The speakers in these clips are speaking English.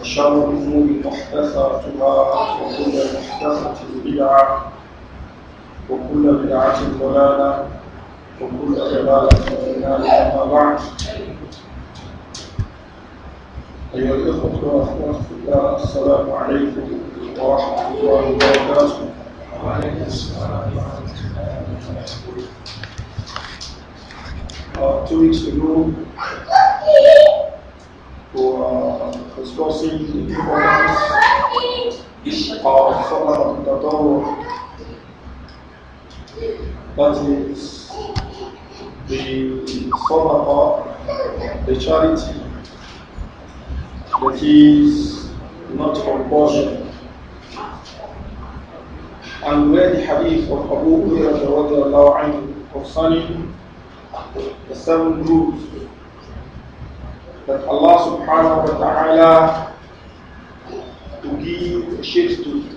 وشر الأمور محدثاتها وكل محدثة بدعة وكل بدعة ضلالة وكل ضلالة في النار أما بعد أيها الإخوة والأخوات في الله السلام عليكم ورحمة الله وبركاته وعليكم السلام ورحمة الله وبركاته Uh, two weeks ago, واختصاصي في فقرة التطور that is the صدقة, the charity that is not compulsion. And where the hadith of Abu Hurairah of Sunni, the seven groups that Allah subhanahu wa ta'ala will give ships to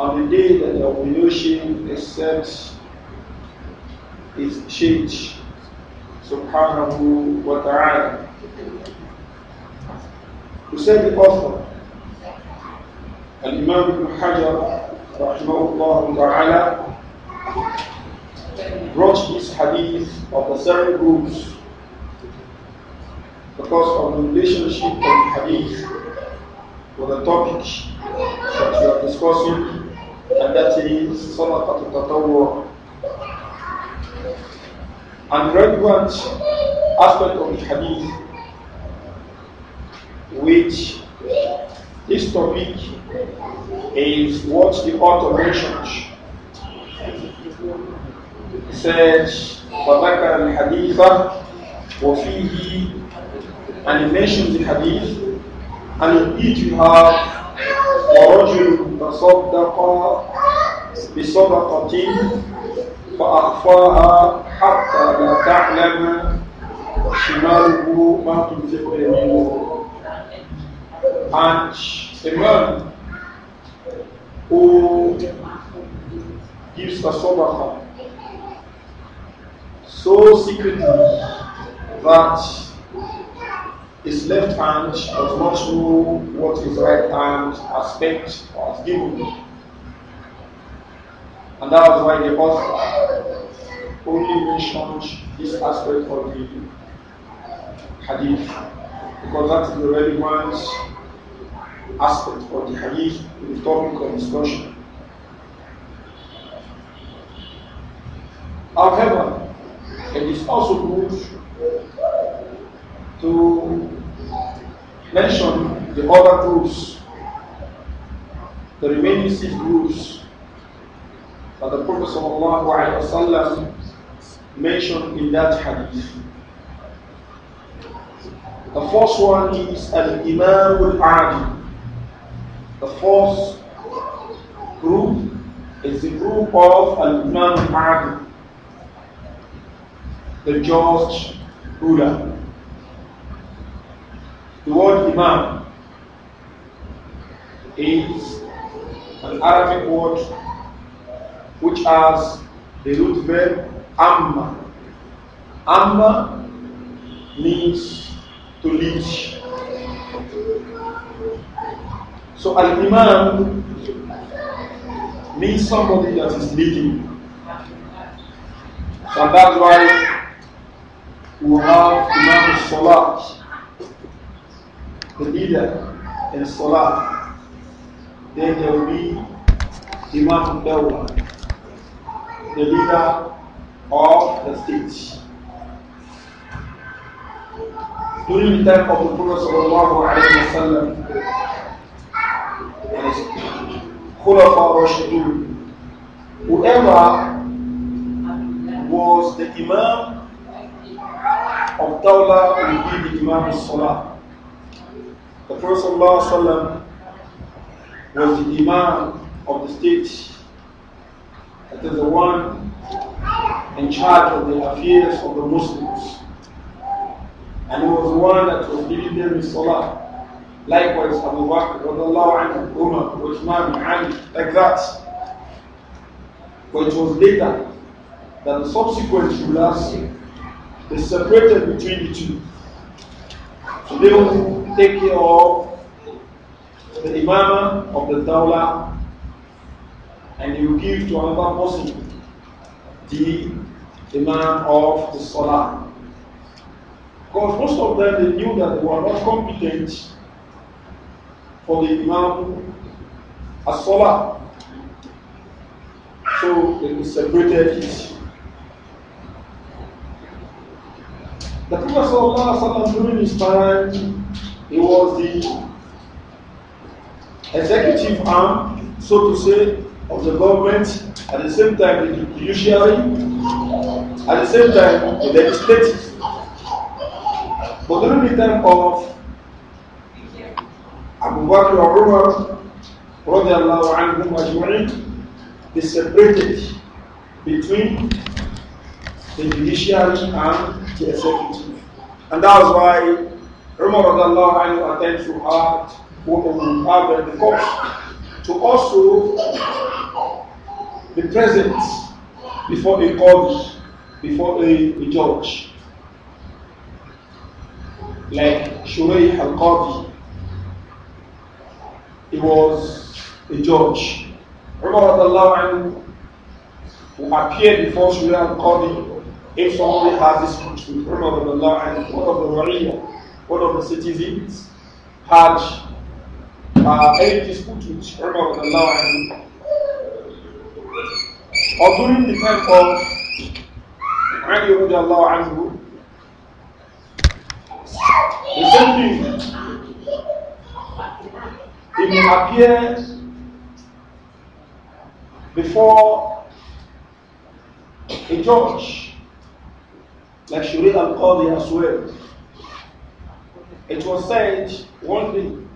On the day that the will accepts no shade his subhanahu wa ta'ala. To say the author, Al-Imam Ibn Hajar, rahimahullah ta'ala, brought this hadith of the seven groups because of the relationship of the hadith with the topic that we are discussing, and that is Salat al And relevant aspect of the hadith, which this topic is what the author mentioned. He said, فذكر الحديث وفيه and he mentions the hadith, and he indeed you have ورجل تصدق بصدقة فأخفاها حتى لا تعلم شماله ما تنفق يمينه And a man who gives a sadaqah so secretly that his left hand does not know what his right hand has spent or has given. And that was why the author only mentioned this aspect of the hadith, because that is the relevant aspect of the hadith in the topic of discussion. However, it is also good to Mention the other groups, the remaining six groups that the Prophet ﷺ mentioned in that hadith. The first one is Al Imam Al Adi. The first group is the group of Al Imam Al Adi, the judge ruler. The word Imam is an Arabic word which has the root verb Amma. Amma means to lead. So an Imam means somebody that is leading. So that's why we have Imam Salah the leader in Salah. Then there will be Imam Dawah, the leader of the state. During the time of the Prophet Khulafa whoever was the Imam of Dawla will be the Imam of Salah. The Prophet ﷺ was the Imam of the state. That is the one in charge of the affairs of the Muslims. And he was the one that was leading them in Salah. Likewise, Abu Bakr, anhu, Umar, Uthman, Ali, like that. But it was later that the subsequent rulers they separated between the two. So they will take care of the imam of the dawla and you give to another person the imam of the salah. Because most of them they knew that they were not competent for the imam as salah. So they separated it. The Prophet sallam, during his time, he was the executive arm, so to say, of the government, at the same time the judiciary, at the same time the legislative. But during the time of Abu Bakr or Umar, brother Allah they separated between the judiciary and the executive. And that's why Umar attempts to add the court to also be present before a court, before a, a judge. Like Shurey al Qadi, he was a judge. Umar who appeared before Shurey al Qadi if family has this control. Umar of Allah and one of the Wariya, one of the citizens, had uh, eight disputes with Umar of Allah and uh, or during the time of Ali of Allah anhu, the same thing. It may appear before a judge like Shuri al Qadi as well. It was said one day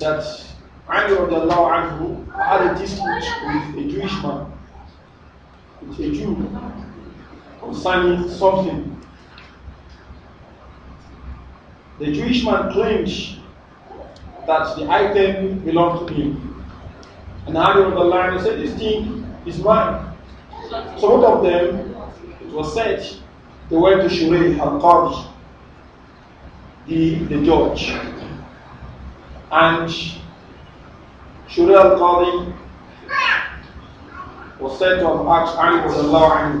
that Ali anhu had a dispute with a Jewish man, with a Jew, concerning something. The Jewish man claimed that the item belonged to him. And Ali said, This thing is mine. So both of them it was said they went to Shurayh al-Qadi, the, the judge. And Shurayh al-Qadi was said to have asked Ali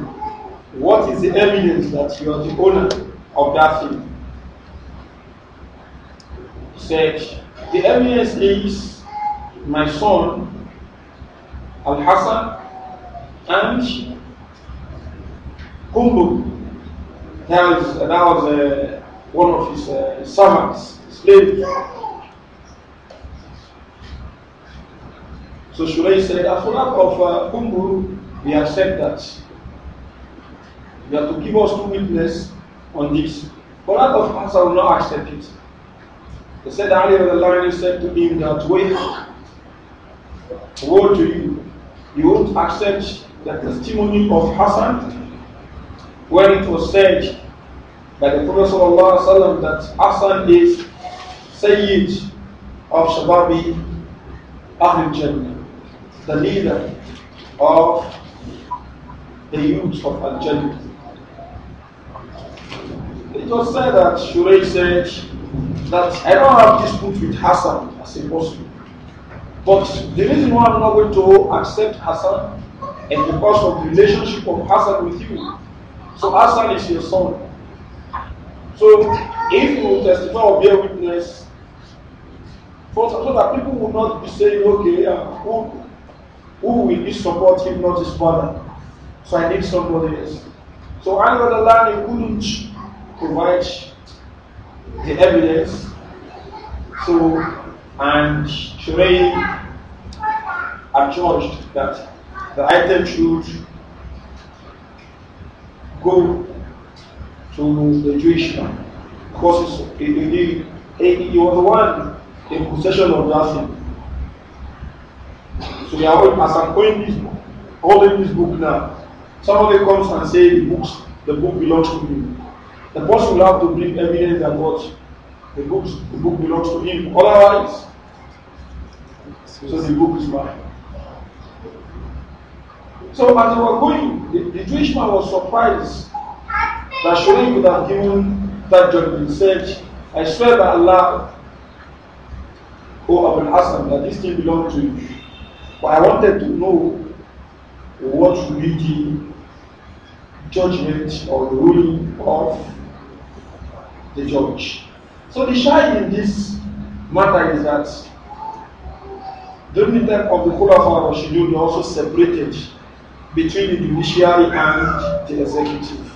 what is the evidence that you are the owner of that thing? He said, the evidence is my son, Al-Hassan, and Kumbu, That was, that was uh, one of his uh, servants, slaves. So Shulay said, as for lack of uh, we accept that. You have to give us two witness on this. For lack of us, I will not accept it. They said, Ali the lion said to him that way, woe to you. You won't accept the testimony of Hassan when it was said by the Prophet ﷺ that Hassan is Sayyid of Shababi Ahlul Jannah, the leader of the youth of Al Jannah. It was said that Shurey said that I don't have dispute with Hassan as a Muslim. But the reason why I'm not going to accept Hassan is because of the relationship of Hassan with you. So Hassan is your son. So if you testify or bear witness, for, so that people will not be saying, okay, uh, who, who will be support if not his father? So I need somebody else. So Anwar couldn't provide the evidence. So, and Shurei adjudged that the item should go to the Jewish man because he, he, he, he was the one in possession of that thing. So they are all, as I'm going this book, holding this book now, somebody comes and say the books, the book belongs to me. The person will have to bring evidence that what the books, the book belongs to him. Otherwise, so the book is mine. So as they were going, the, the Jewish man was surprised that surely would have given that judgment. He said, I swear by Allah, O Abu Hassan, that this thing belongs to you. But I wanted to know what will be the judgment or the ruling of the judge. So the shy in this matter is that during the time of the Khulafa Rashidun, they also separated between the judiciary and the executive.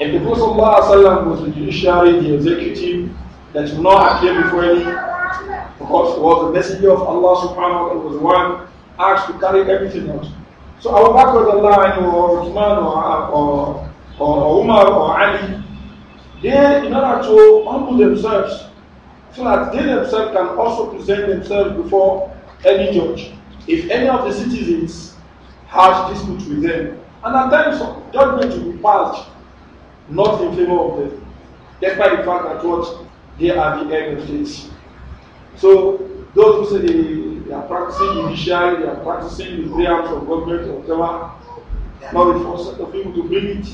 If the Prophet was the judiciary, the executive, that will not appear before any, because was the messenger of Allah subhanahu wa ta'ala was the one asked to carry everything out. So Abu Bakr or Uthman or, or, or Umar or Ali, they, in order to humble themselves, so that they themselves can also present themselves before any judge. If any of the citizens had disputes with them. And at times, judgment will be passed not in favor of them, despite the fact that what they are the end of states. So, those who say they, they are practicing judiciary, they are practicing the prayers of government or whatever, not the force set of people to bring it.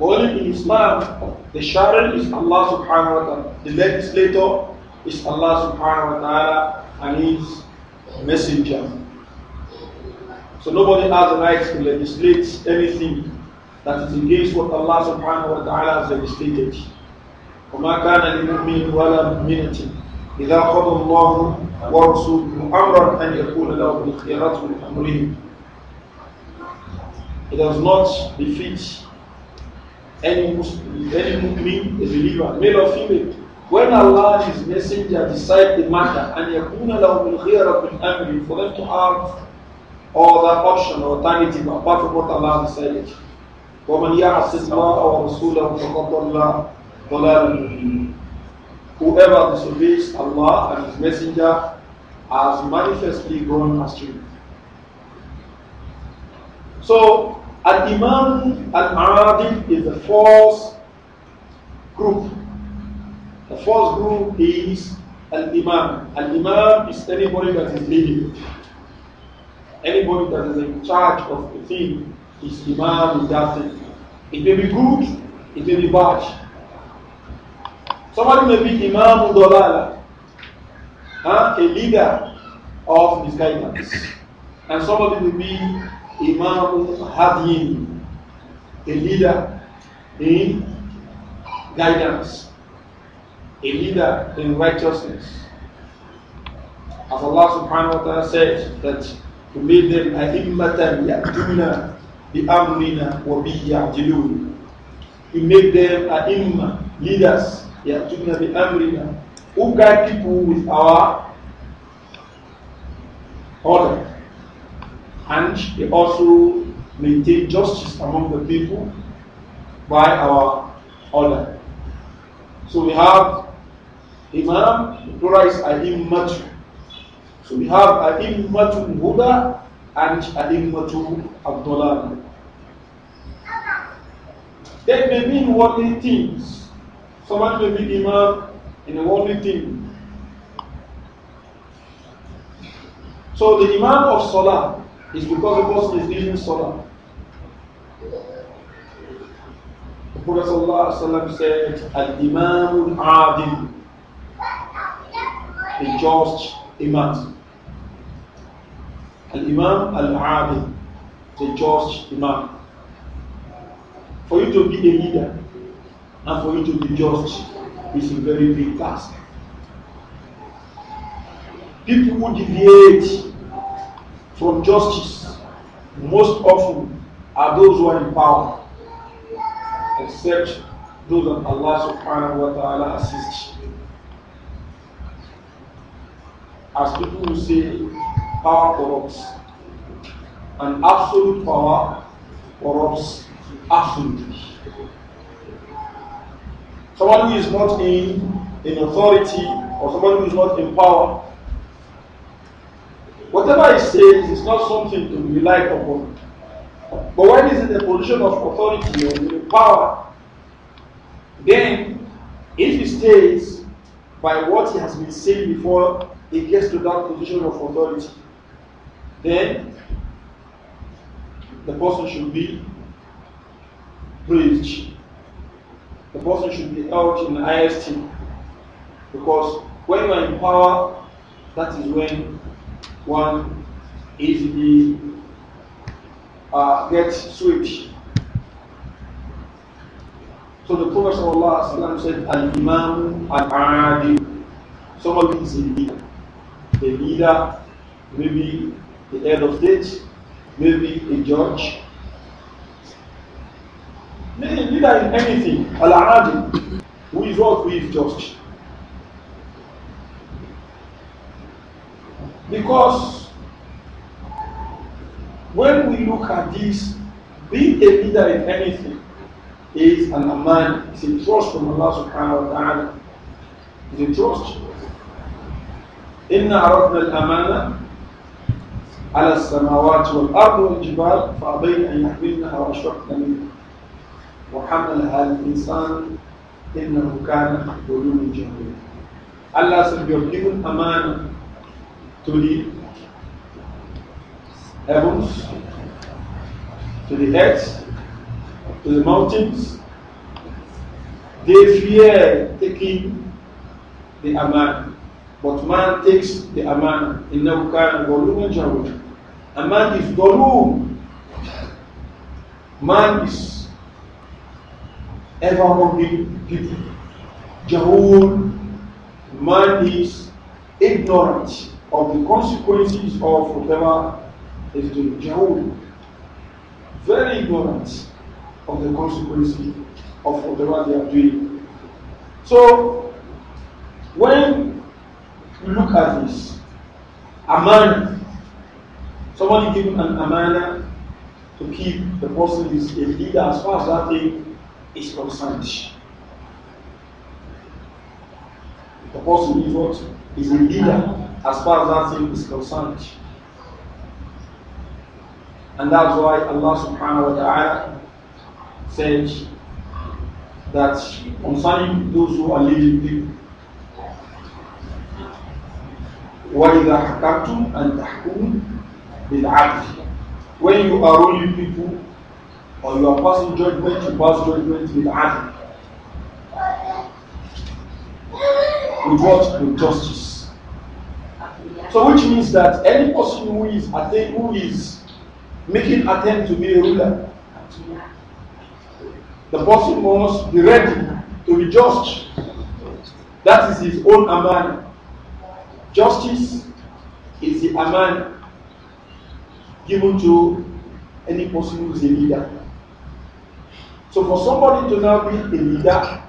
But only in Islam, the Sharia is Allah subhanahu wa ta'ala, the legislator is Allah subhanahu wa ta'ala, and He's messenger. So nobody has the right to legislate anything that is against what Allah subhanahu wa ta'ala has legislated. وما كان لمؤمن ولا مؤمنة إذا قضى الله ورسوله أمرا أن يكون له الخيارات من أمرهم. It does not defeat any Muslim, any Muslim, a believer, male or female, when Allah and His Messenger decide the matter, and يَكُونَ لَهُمُ الْخِيَرَةُ مِنْ أَمْرِهِ For them to have the option or alternative apart from what Allah decided. وَمَنْ يَعْصِ اللَّهَ وَرَسُولَهُ فَقَدْ Whoever disobeys Allah and His Messenger has manifestly gone astray. So, Al-Imam Al-Aradi is the fourth group the first group is Al-Imam. Al-Imam is anybody that is leading. Anybody that is in charge of a thing is Imam in that thing. It may be good, it may be bad. Somebody may be Imam Dolala, huh? a leader of misguidance. And somebody may be Imam Hadin, a leader in guidance a leader in righteousness. As Allah subhanahu wa ta'ala said that He made them a'immatan ya'tuna bi'amrina wa biya'jilun. He made them a'imma, leaders, ya'tuna amrina who guide people with our order. And they also maintain justice among the people by our order. So we have Imam, plural is A'immatu. So we have A'immatu Huda and A'immatu Abdullah. They may mean worldly things. Someone may be Imam in a worldly thing. So the Imam of Salah is because the person is leading Salah. The Prophet ﷺ said, Al Imam Adil. a just imam. Al-Imam Al-Adi, the just imam. For you to be a leader and for you to be just is a very big task. People who deviate from justice most often are those who are in power, except those that Allah subhanahu wa ta'ala assists. as people will say, power corrupts. And absolute power corrupts absolutely. Someone who is not in, in authority or someone who is not in power, whatever he says is not something to be relied upon. But when he's in the position of authority or in power, then if he stays by what he has been saying before he gets to that position of authority, then the person should be praised. The person should be out in IST Because when you are in power, that is when one easily uh, gets switched. So the Prophet said, Al Imam Al Adi, someone who is in leader a leader, maybe the head of state, maybe a judge. Maybe a leader in anything, al aradi who is what, who is just. Because when we look at this, being a leader in anything is an aman, it's a trust from Allah subhanahu wa ta'ala. It's a trust. إن عرضنا الأمانة على السماوات والأرض والجبال فأبين أن يحملنها وأشفقن منها وحملها الإنسان إنه كان ظلوما جهولا Allah said, الأمانة تولي heavens, to the earth, to the mountains. They fear taking the Aman. But man takes the amana. إِنَّهُ كَانَ ظَلُومًا جَهُولًا A man is ظَلُوم. Man is ever hungry people. Jahul. Man is ignorant of the consequences of whatever is doing. Jahul. Very ignorant of the consequences of whatever they are doing. So, when Look at this. Amana. Somebody give an amana to keep the person is a leader as far as that thing is concerned. The person is what? Is a leader as far as that thing is concerned. And that's why Allah subhanahu wa ta'ala said that concerning those who are leading people, وَإِذَا حَكَمْتُمْ أَنْ تَحْكُمُوا بِالْعَدْلِ When you are ruling people or you are passing judgment, you pass judgment with adl. With what? With justice. So which means that any person who is attempt, who is making attempt to be a ruler, the person must be ready to be judged. That is his own amana. Justice is the aman given to any person who is a leader. So for somebody to now be a leader,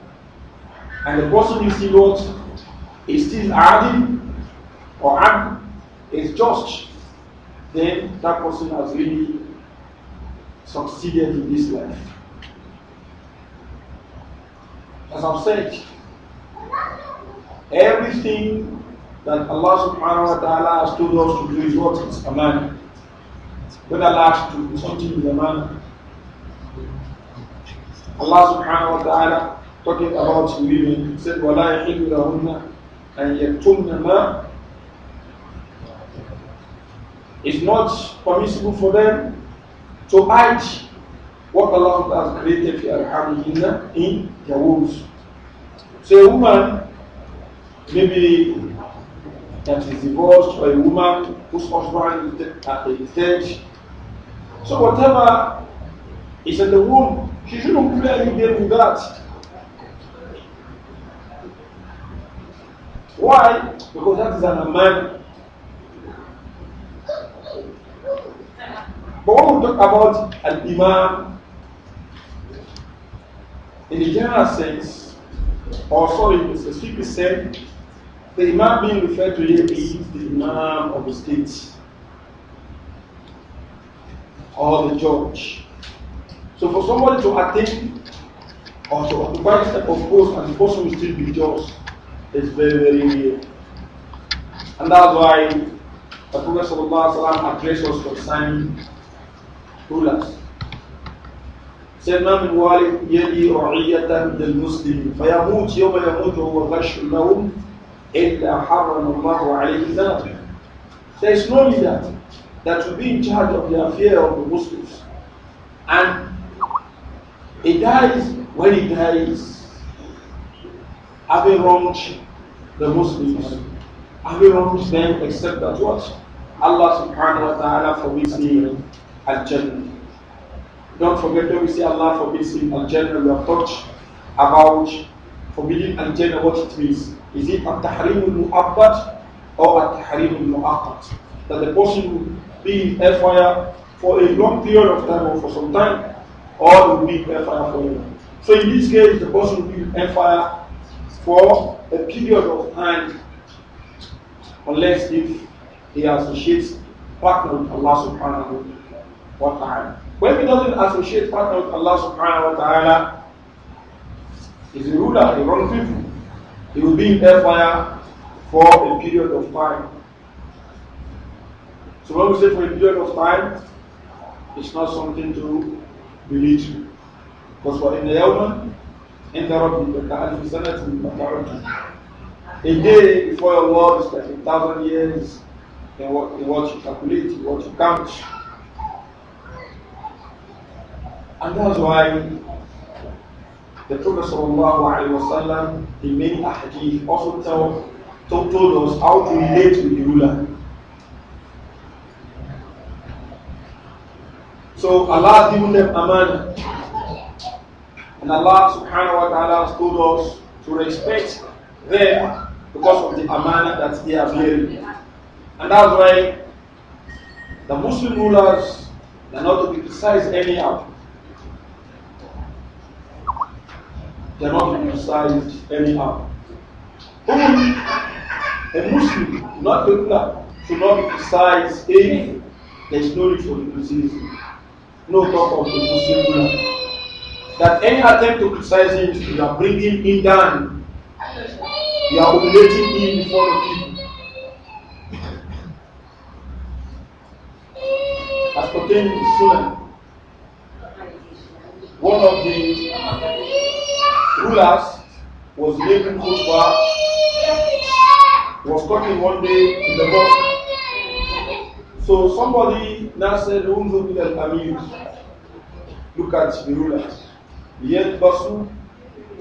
and the person you see what is still hardy or ad is just, then that person has really succeeded in this life. As I've said, everything that Allah subhanahu wa ta'ala has told us to do is what is command. When Allah to do something is a man. Allah subhanahu wa ta'ala talking about women said وَلَا يَحِلُّ لَهُنَّ أَنْ يَكْتُمْنَ مَا It's not permissible for them to hide what Allah has created in their wombs. So a woman maybe that is divorced or a woman whose husband is dead. So whatever is in the womb, she shouldn't play any game with that. Why? Because that is an amman. But when we talk about an imam, in the general sense, or sorry, in the specific sense, The Imam being referred to here is the Imam of the state or the judge. So for somebody to attain or to occupy this of course, and the person will still be judged is very, very rare. And that's why the Prophet addressed us concerning rulers. سيدنا من والد يدي رعية للمسلم فيموت يوم يموت وهو غش لهم there is no leader that will be in charge of the affair of the Muslims. And he dies when he dies, having wronged the Muslims, having wronged them except that what? Allah subhanahu wa ta'ala forbids him al Jannah. Don't forget when we say Allah forbids him al Jannah, we have talked about forbidding al Jannah what it means. Is it at tahrim al or at tahrim al That the person will be in fire for a long period of time or for some time, or will be in hellfire forever. So in this case, the person will be in fire for a period of time, unless if he associates partner with Allah subhanahu wa ta'ala. When he doesn't associate partner with Allah subhanahu wa ta'ala, he's a ruler, a wrong people. He will be in hellfire for a period of time. So when we say for a period of time, it's not something to believe. Because for in the Yawman, in the Rabbi, a day before your world is like a thousand years in what, in what you calculate, in what you count. And that's why The Prophet وسلم, the many ahadith also tell, told, told us how to relate with the ruler. So Allah has given them aman. And Allah subhanahu wa ta'ala has told us to respect them because of the amana that they are bearing. And that's why the Muslim rulers are not to be criticized anyhow. They are not criticized anyhow. Even a Muslim, not a ruler, should not be criticized there is no need for criticism. No talk of the Muslim ruler. That any attempt to criticize him, you are bringing him down. You are humiliating him before the people. As pertaining to Sunnah, one of the rulers was making khutbah, was talking one day in the mosque. So somebody now said, Unzur al Amir, look at the rulers. Yet Basu,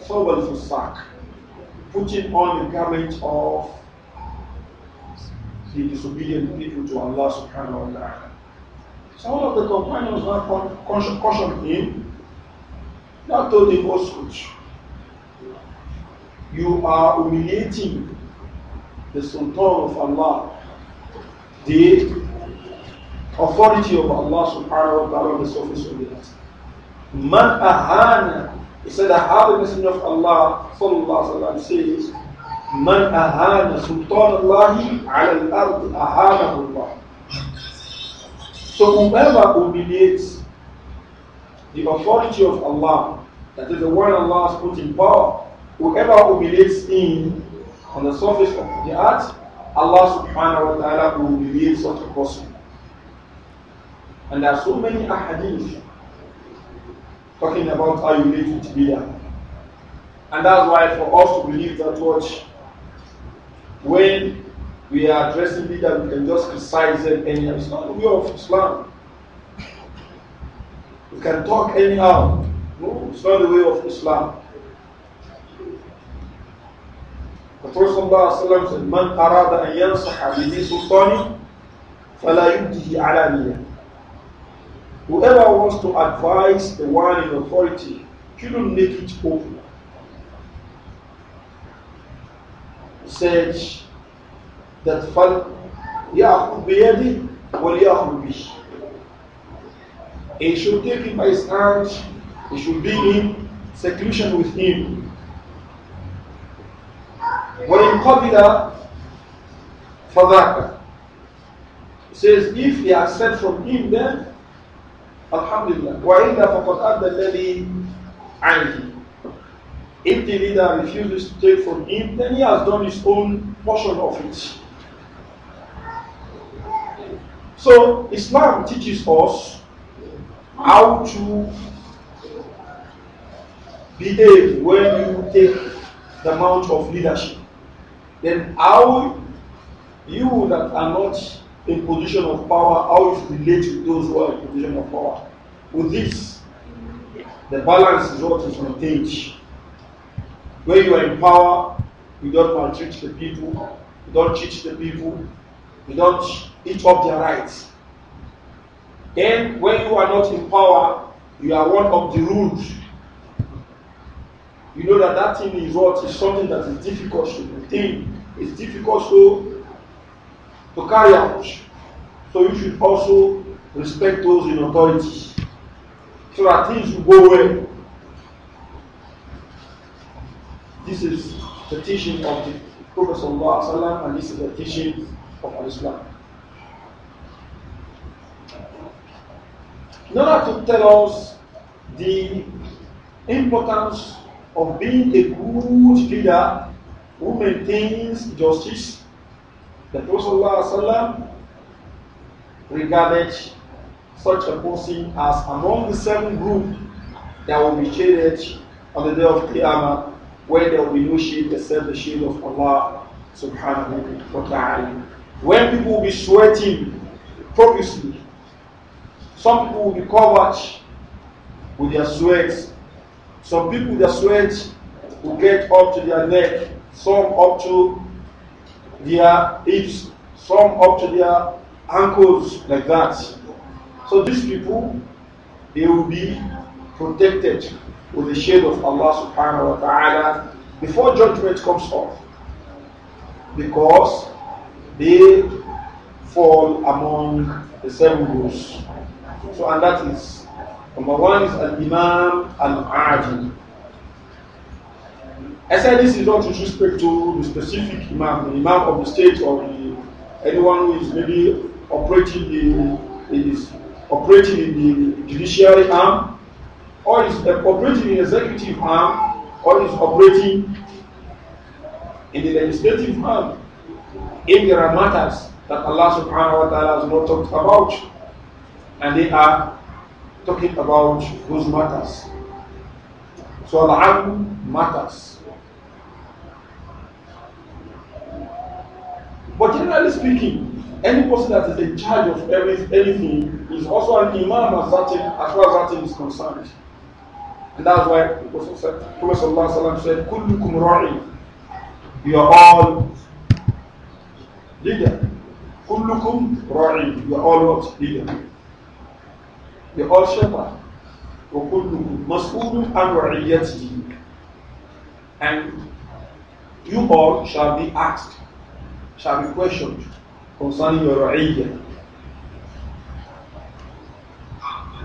someone was sack, putting on the garment of the disobedient people to Allah subhanahu wa ta'ala. So one of the companions now cautioned him, not told him what's oh, good. you are humiliating the Sultan of Allah, the authority of Allah subhanahu wa ta'ala on the surface of the earth. Man ahana, he said, I have the messenger of Allah, sallallahu alayhi wa says, Man ahana sultan Allahi ala al-ard ahanahu Allah. So whoever humiliates the authority of Allah, that is the one Allah has put in power, Whoever humiliates him on the surface of the earth, Allah subhanahu wa ta'ala will humiliate such a person. And there are so many ahadith talking about how you relate with Bidah. And that's why for us to believe that watch, when we are addressing Bidah, we can just criticize them anyhow. It's not the way of Islam. We can talk anyhow. No, it's not the way of Islam. الرسول صلى الله عليه وسلم said, من أراد أن ينصح به سلطاني فلا يبديه نية Whoever wants to advise the one in authority shouldn't make it open. He said that ياخذ بِيَدِهِ وَلْيَأْخُذْ بِهِ He should take him by his hand, he should be in seclusion with him. وإن قبل فذاك says if he accepts from him then alhamdulillah وإلا فقد أدى الذي عنه if the leader refuses to take from him then he has done his own portion of it so Islam teaches us how to behave when you take the mount of leadership Then how you that are not in position of power, how you relate with those who are in position of power. With this, the balance is what is maintained. When you are in power, you don't maltreat the people, you don't cheat the people, you don't eat up their rights. Then, when you are not in power, you are one of the rules. You know that that thing is what is something that is difficult to maintain it's difficult so to carry out. So you should also respect those in authority so that things will go well. This is the teaching of the Prophet Sallallahu and this is the teaching of Islam. In order to tell us the importance of being a good leader, who maintains justice, the Prophet regarded such a person as among the seven groups that will be shaded on the day of Qiyamah, where there will be no shade except the shade of Allah subhanahu wa ta'ala. When people will be sweating profusely, some people will be covered with their sweat. Some people, their sweat will get up to their neck. some up to their hips, some up to their ankles, like that. So these people, they will be protected with the shade of Allah subhanahu wa ta'ala before judgment comes off. Because they fall among the seven groups. So, and that is number one is Al Imam Al Adil. I said this is not with respect to the specific imam, the imam of the state or the, anyone who is maybe operating the is operating in the judiciary arm, or is operating in executive arm, or is operating in the legislative arm. If there are matters that Allah subhanahu wa ta'ala has not talked about, and they are talking about those matters. So Allah matters. But generally speaking, any person that is in charge of every, anything is also an imam as, that, as far as that thing is concerned. And that's why Prophet said, Kullukum ra'i. You are all leader. Kullukum ra'i. You are all what? Leader. You are all shepherd. وَكُلُّكُمْ مَسْئُولٌ عَنْ رَعِيَّتِهِ And you all shall be asked shall be questioned concerning your religion.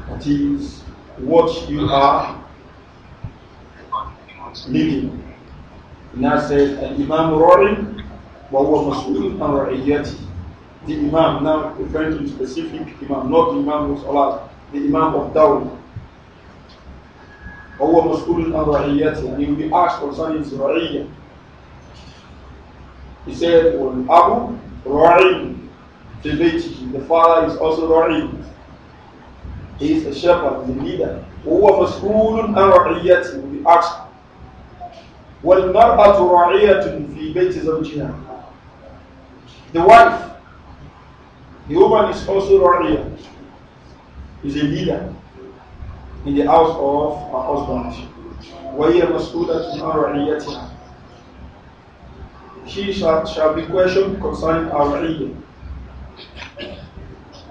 That is what you are leading. Now said an Imam Roaring وهو مسؤول عن رعيته. The Imam, now referring to specific Imam, not the Imam of Allah, the Imam of Dawud. وهو مسؤول عن رعيته and he will be asked concerning his ra'iyya. He said, Wal Abu Ra'in The father is also Ra'in. He is a shepherd, the leader. وهو مسؤول عن رعيته will be asked والمرأة راعية في بيت زوجها The wife, the woman is also راعية, is a leader in the house of her husband. وهي مسؤولة عن رعيتها she shall, shall be questioned concerning our Eid.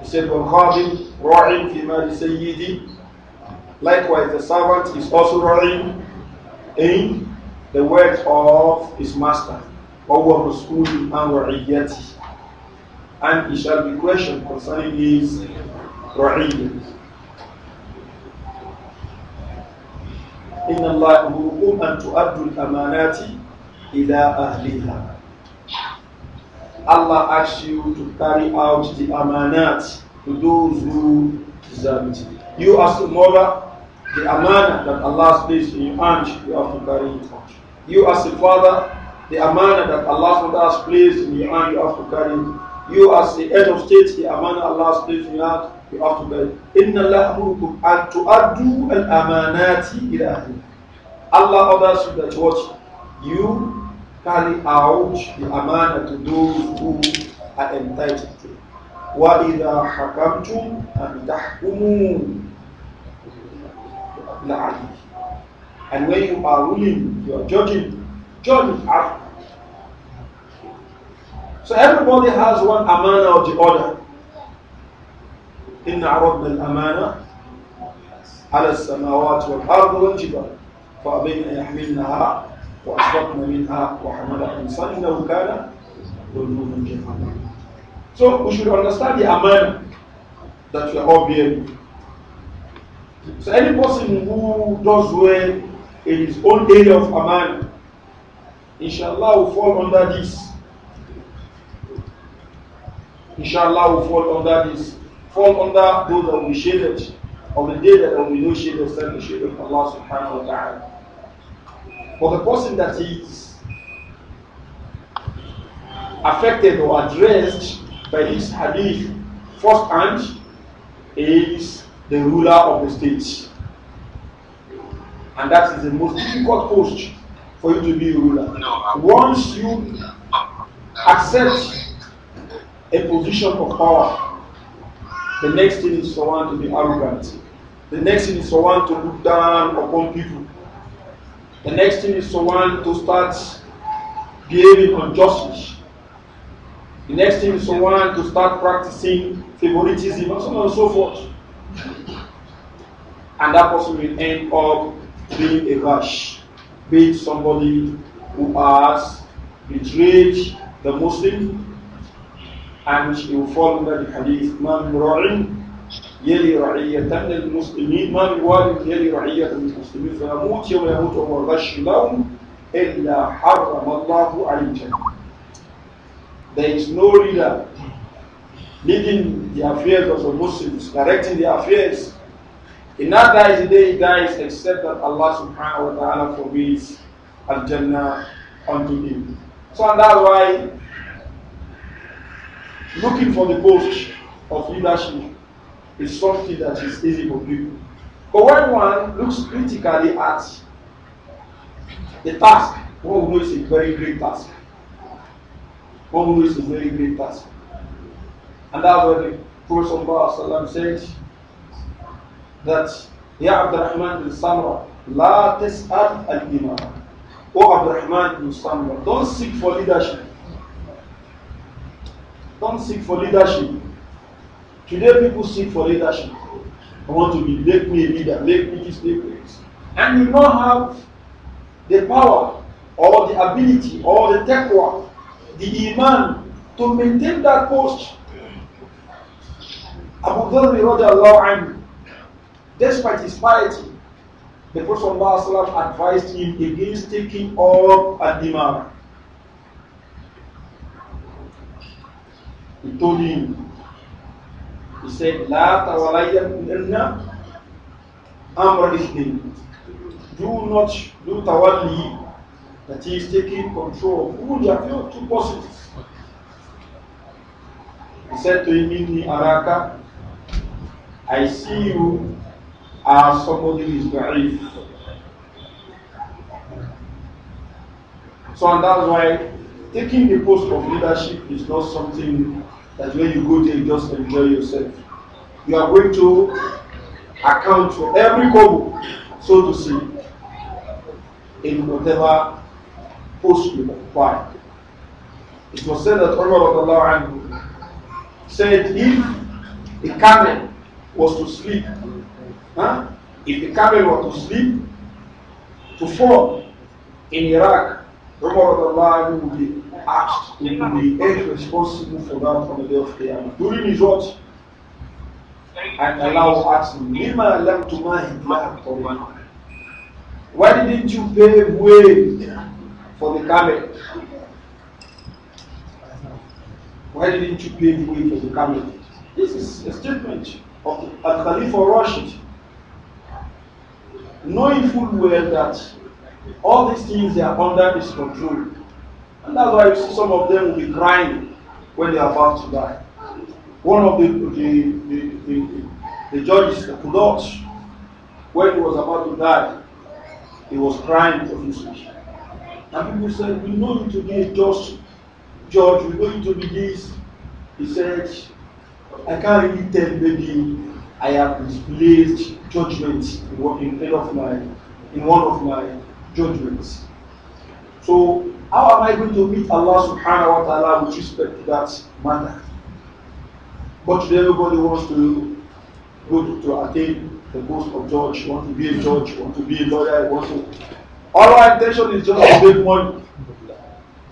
He said, وَالْخَابِمْ رَعِمْ فِي مَالِ سَيِّدِ Likewise, the servant is also ra'im in the words of his master. وَهُوَ مَسْئُولٌ عَنْ رَعِيَّتِهِ And he shall be questioned concerning his رَعِيَّةِ إن الله أمركم أن تؤدوا الأمانات ila ahliha. Allah asks you to carry out the amanat to those who deserve it. You as a mother, the amanat that Allah placed in your hand, you have to carry it out. You as a father, the amanat that Allah has placed in your hand, you have to carry it. You as the head of state, the amanat Allah has placed in your hand, you have to carry it. Inna Allah amurukum an tu'addu al-amanati ila ahliha. Allah orders you that watch You carry out the amana to those who are entitled to. وَإِذَا حَكَمْتُمْ أَنْ تَحْكُمُوا لَعَلِيكَ And when you are ruling, you are judging, judge with So everybody has one amana of the other. إن عرضنا الأمانة على السماوات والأرض والجبال فأبين يحملنها وأصبحنا منها وحملها الإنسان إنه كان ظلما جهنم So we should understand the amana that we are all bearing. So any person who does well in his own area of amana, inshallah will fall under this. Inshallah will fall under this. Fall under those that we shaded on the day that we know shaded, stand the shade of Allah subhanahu wa ta'ala. For the person that is affected or addressed by this hadith first hand is the ruler of the state. And that is the most difficult post for you to be a ruler. Once you accept a position of power, the next thing is for one to be arrogant. The next thing is for one to look down upon people. The next thing is someone to start behaving unjustly. The next thing is someone to start practicing favoritism and so on and so forth. And that person will end up being a rush, being somebody who has betrayed the Muslim and he will fall under the hadith. Man يلي رعية ما يلي رعية فيموت يوم يموت وهو غش لهم إلا حرم الله عليه الجنة There is no leader leading the affairs of the Muslims, directing the affairs. He that dies the day he dies except that Allah subhanahu wa ta'ala forbids Al-Jannah unto him. So and that's why looking for the post of leadership is something that is easy for people. But when one looks critically at the task, one will know it's a very great task. One will know it's a very great task. And that's where the Prophet said that Ya Abdurrahman bin Samra, La Tes'al al Imam. O Abdurrahman bin Samra, don't seek for leadership. Don't seek for leadership. Today people seek for leadership. I want to be, make me a leader, make me this, make me this. And you not have the power or the ability or the taqwa, the iman to maintain that post. Abu Dhabi, despite his piety, the Prophet ﷺ advised him against taking up an imam. He told him, He said, La tawalaya amralismin. Do not do tawalli, that is taking control. Who you feel too positive. He said to him, in the araka, I see you as somebody who is da'if. So and that's why taking the post of leadership is not something that when you go there, you just enjoy yourself. You are going to account for every kobo, so to say, in whatever post you occupy. It was said that Umar said, if a camel was to sleep, huh? if the camel were to sleep, to fall in Iraq, Umar would be asked, him will be held responsible for that from the day of Qiyamah. During his what? And Allah asked him, Lima my tumahi Why didn't you pave way for the camel? Why didn't you pave way for the camel? This is a statement of Al Khalifa Rashid. Knowing full well that all these things are under his control. And that's why you see some of them will be crying when they are about to die. One of the, the, the, the, the judges, the Kudot, when he was about to die, he was crying for his profusely. And people said, We know you to be a just judge, we know you to be this. He said, I can't really tell, maybe I have misplaced judgment in one, of my, in one of my judgments. So how am I going to meet Allah subhanahu wa ta'ala with respect to that matter? But today everybody wants to go to, to attain the post of judge, want to be a judge, want to be a lawyer, want to all our intention is just to make money.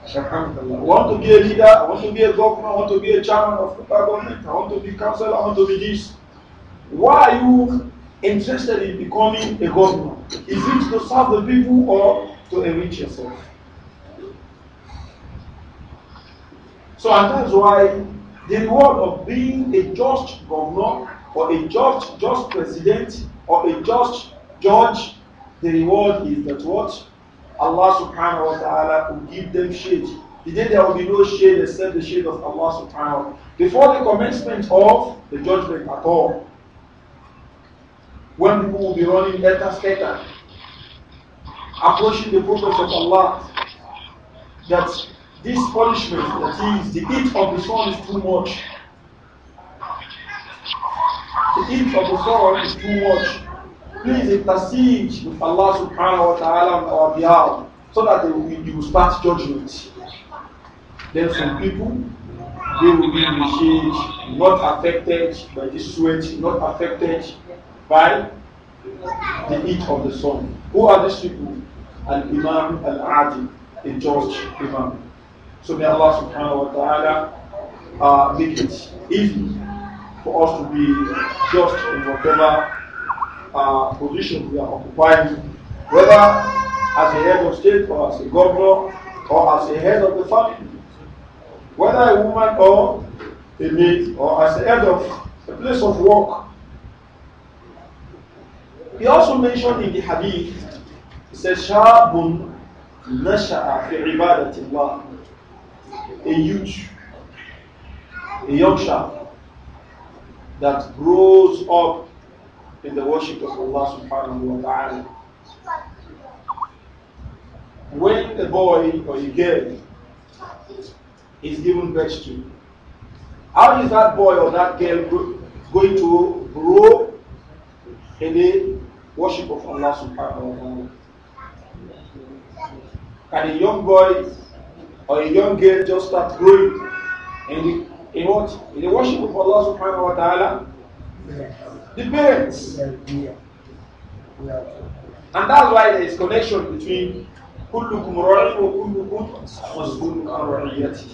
I want to be a leader, I want to be a governor, I want to be a chairman of the government, I want to be councillor, I want to be this. Why are you interested in becoming a governor? Is it to serve the people or to enrich yourself? So, and that's why the reward of being a just governor or a just just president or a just judge, the reward is that what Allah subhanahu wa ta'ala will give them shade. The day there will be no shade except the shade of Allah subhanahu wa ta'ala. Before the commencement of the judgment at all, when people will be running letter scatter, approaching the prophets of Allah, that this punishment, that is, the heat of the sun is too much. The heat of the sun is too much. Please intercede with Allah subhanahu wa ta'ala on our behalf so that they will, you will start judgment. Then some people, they will be in the shade, not affected by the sweat, not affected by the heat of the sun. Who are these people? Al-Imam Al-Adi, a judge Imam. So may Allah subhanahu wa ta'ala uh, make it easy for us to be just in whatever uh, position we are occupying, whether as a head of state or as a governor or as a head of the family, whether a woman or a maid or as a head of a place of work. He also mentioned in the hadith, he says, a youth, a young child that grows up in the worship of Allah subhanahu wa ta'ala. When a boy or a girl is given birth to, how is that boy or that girl going to grow in the worship of Allah subhanahu wa ta'ala? Can a young boy or a young girl just start growing in the in what in the worship of Allah subhanahu wa ta'ala? The parents. And that's why there is connection between كلكم راع وكلكم مسؤول عن رعيته.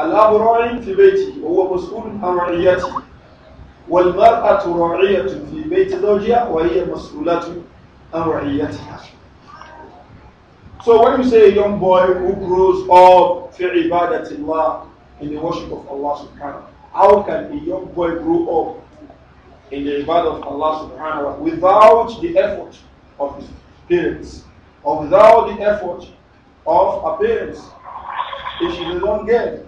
الأب راع في بيته وهو مسؤول عن رعيته. والمرأة راعية في بيت زوجها وهي مسؤولة عن رعيتها. So when you say a young boy who grows up fi ibadatillah in the worship of Allah subhanahu how can a young boy grow up in the ibadah of Allah subhanahu wa without the effort of his parents or without the effort of her parents if she does not get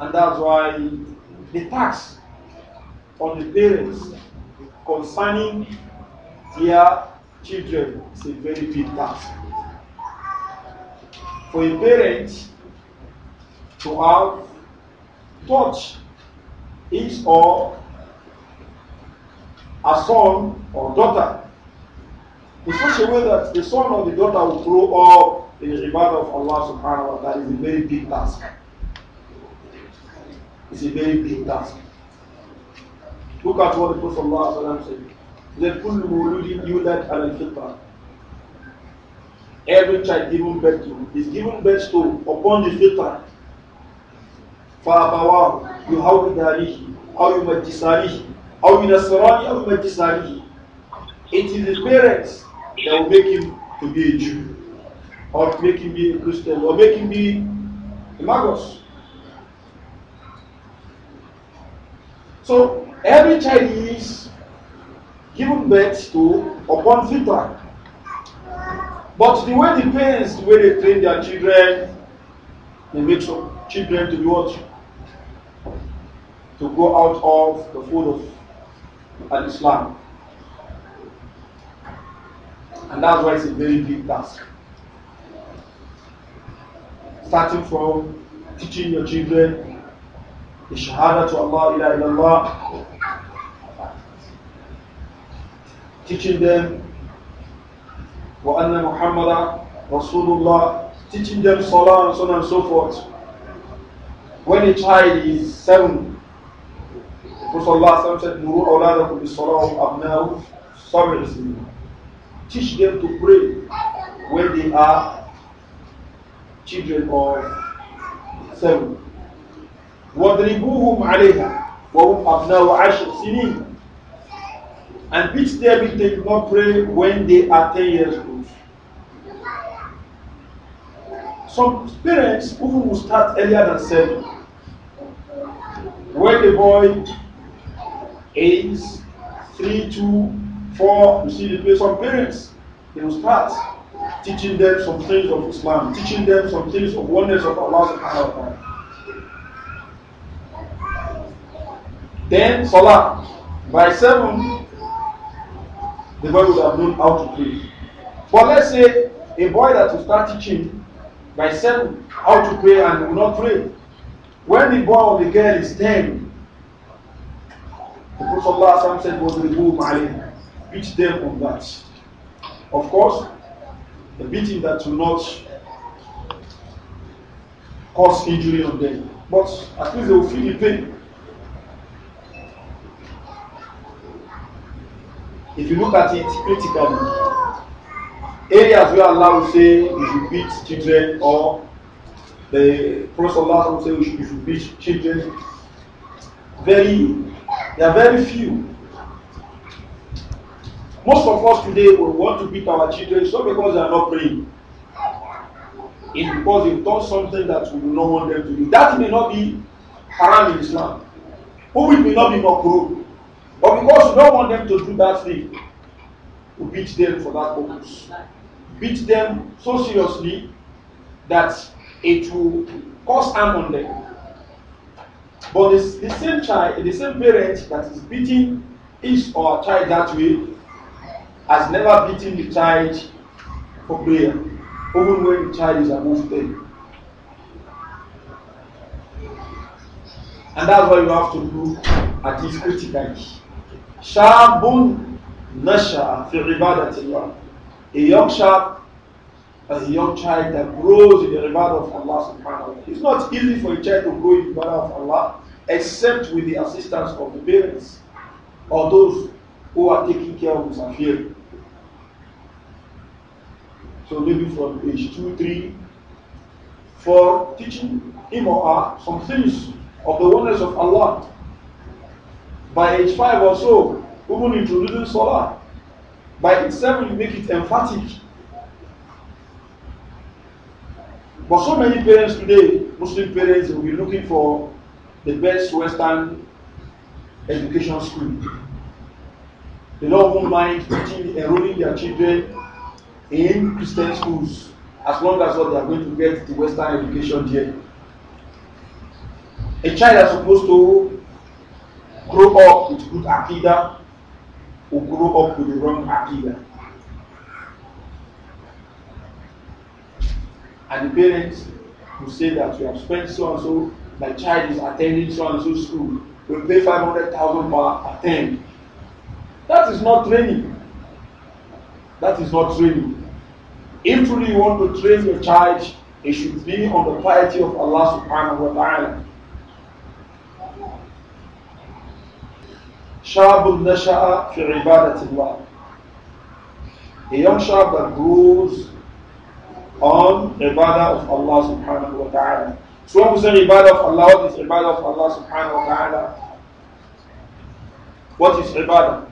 and that's why the tax on the parents concerning their children is a very big task. For a parent to have touch, his or a son or daughter in such a way that the son or the daughter will grow up in the ibadah of Allah subhanahu wa ta'ala is a very big task. It's a very big task. Look at what the Prophet said. that كل مولود يولد على الفطرة every child given birth to is given birth to upon the fitra فأبواه يهودانه أو يمجسانه أو ينصرانه أو يمجسانه It is the parents that will make him to be a Jew or make him be a Christian or make him be a Magos. So every child is given birth to upon fitra. But the way the parents, the way they train their children, they make sure children to be what? To go out of the fold of Al Islam. And that's why it's a very big task. Starting from teaching your children the Shahada to Allah, ilaha illallah, teaching them وَأَنَّ مُحَمَّدًا Rasulullah, teaching them salah and so on and so forth. When a child is seven, Rasulullah said, Nuru awladakum the salah abna'u Teach them to pray when they are children of seven. وَضْرِبُوهُمْ عَلَيْهَا وَهُمْ أَبْنَاءُ عَشْرٍ سِنِينَ and which them if they do not pray when they are 10 years old. Some parents even will start earlier than 7. When the boy is three, two, four, you see the place, some parents, they will start teaching them some things of Islam, teaching them some things of oneness of Allah subhanahu wa ta'ala. Then Salah. By seven, the boy would have known how to play. But let's say a boy that will start teaching by seven how to pray and will not pray. When the boy or the girl is ten, the Prophet said, was remove Malim, beat them on that. Of course, the beating that will not cause injury on them. But at least they will feel the pain. If you look at it critically, areas where Allah will say we should beat children or the Prophet Allah will say we should, beat children, very, there are very few. Most of us today will want to beat our children, it's not because they are not praying. it because they've done something that we do not want them to do. That may not be haram in Islam. Who it may not be makruh. But because you don't want them to do that thing, you beat them for that purpose. Beat them so seriously that it will cause harm on them. But this, the same child, the same parent that is beating his or her child that way has never beaten the child for prayer, even when the child is amongst them. And that's why you have to look at this critically. Shabun nasha'a fi ibadatillah. A young as a young child that grows in the ibadah of Allah subhanahu wa It's not easy for a child to grow in the ibadah of Allah except with the assistance of the parents or those who are taking care of Musafir. So maybe from age 2, 3, for teaching him or her some things of the oneness of Allah By age five or so, even introducing solar, by seven, will make it emphatic. But so many parents today, Muslim parents, will be looking for the best Western education school. They don't even mind teaching, enrolling their children in Christian schools as long as what they are going to get the Western education there. A child is supposed to grow up with good akida or grow up with the wrong akida. And the parents who say that we have spent so and so, my child is attending so and so school, we will pay 500,000 per attend. That is not training. That is not training. If truly you want to train your child, it should be on the piety of Allah subhanahu wa ta'ala. شاب نشأ في عبادة الله. A young shab that grows on عبادة of Allah سبحانه وتعالى So when we say عبادة of Allah, what is عبادة of Allah سبحانه وتعالى? What is عبادة?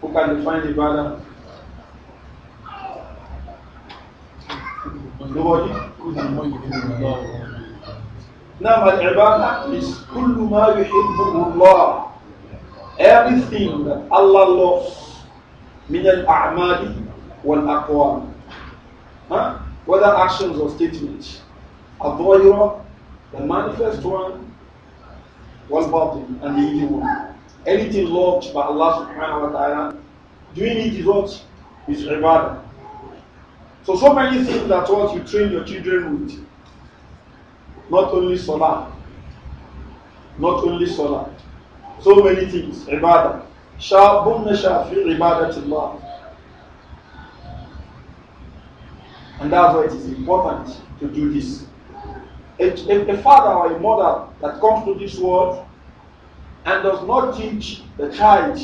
Who can define ibadah? Nobody? Now, العبادة ibadah is kullu ma yuhibbu Allah. Everything that Allah loves, من الأعمال amali ها Huh? Whether actions or statements. al the manifest one, wal batin, and the evil one. Anything loved by Allah سبحانه وتعالى doing it is what? Is ibadah. So, so many things that what you train your children with, Not only salah. Not only salah. So many things. Ibadah. شاب نشا في عبادة الله. And that's why it is important to do this. A, a, a father or a mother that comes to this world and does not teach the child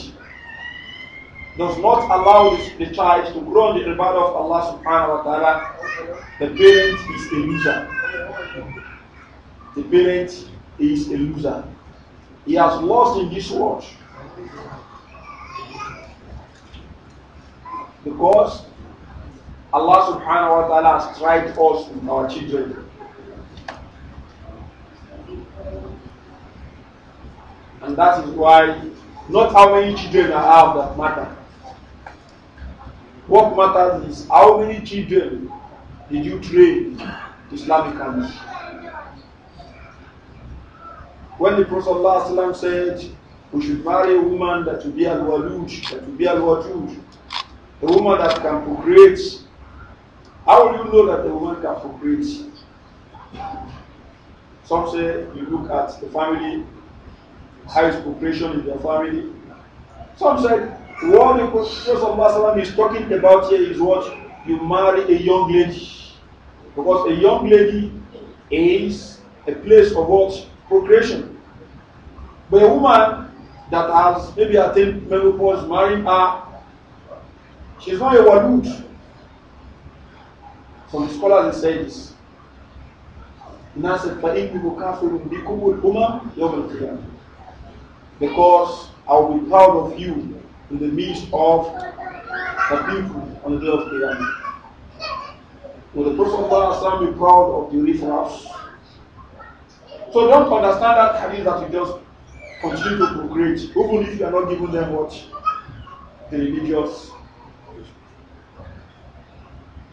does not allow the, child to grow in the ibadah of Allah subhanahu wa ta'ala, the parent is a loser. the parent is a loser. He has lost in this world. Because Allah subhanahu wa ta'ala has tried us with our children. And that is why not how many children I have that matter. What matters is how many children did you train Islamic countries? When the Prophet ﷺ said, we should marry a woman that will be al-walud, that will be al-wadud, a woman that can procreate. How will you know that a woman can procreate? Some say you look at the family, highest population in their family. Some say what the Prophet is talking about here is what you marry a young lady. Because a young lady is a place of what? procreation. But a woman that has maybe attained menopause, marrying her, she's not a walud. Some scholars say this. Now said, فَإِنِّي مُكَافِرٌ بِكُمُ الْأُمَمْ يَوْمَ الْقِيَامَةِ Because I will be proud of you in the midst of the people on the day of Qiyamah. Will the Prophet will be proud of the rich house? So don't understand that hadith that you just continue to procreate, even if you are not giving them what the religious.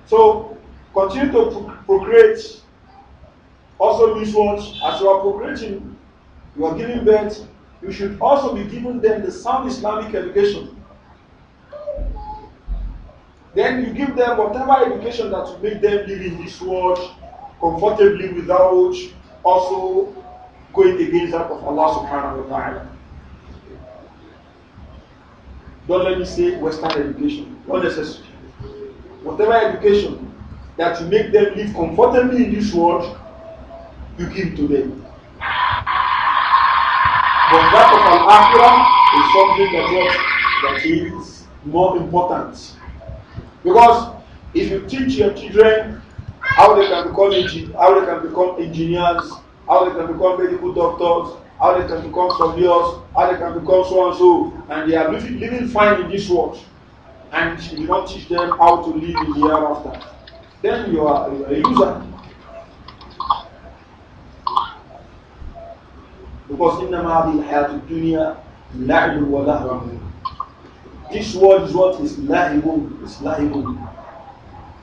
So continue to procreate also means what? As you are procreating, you are giving birth, you should also be giving them the sound Islamic education. Then you give them whatever education that will make them live in this world comfortably without also going against that of Allah subhanahu wa ta'ala. Don't let me say Western education, not necessary. Whatever education that you make them live comfortably in this world, you give to them. But that of an akhirah is something that, that is more important. Because if you teach your children how they can become how they can become engineers, how they can become medical doctors, how they can become surveyors, how they can become so and so, and they are living, living fine in this world, and you do not teach them how to live in the after. Then you are, you are a user. Because in the Mahdi, dunya, la'ibun wa This world is what is la'ibun, is la'ibun.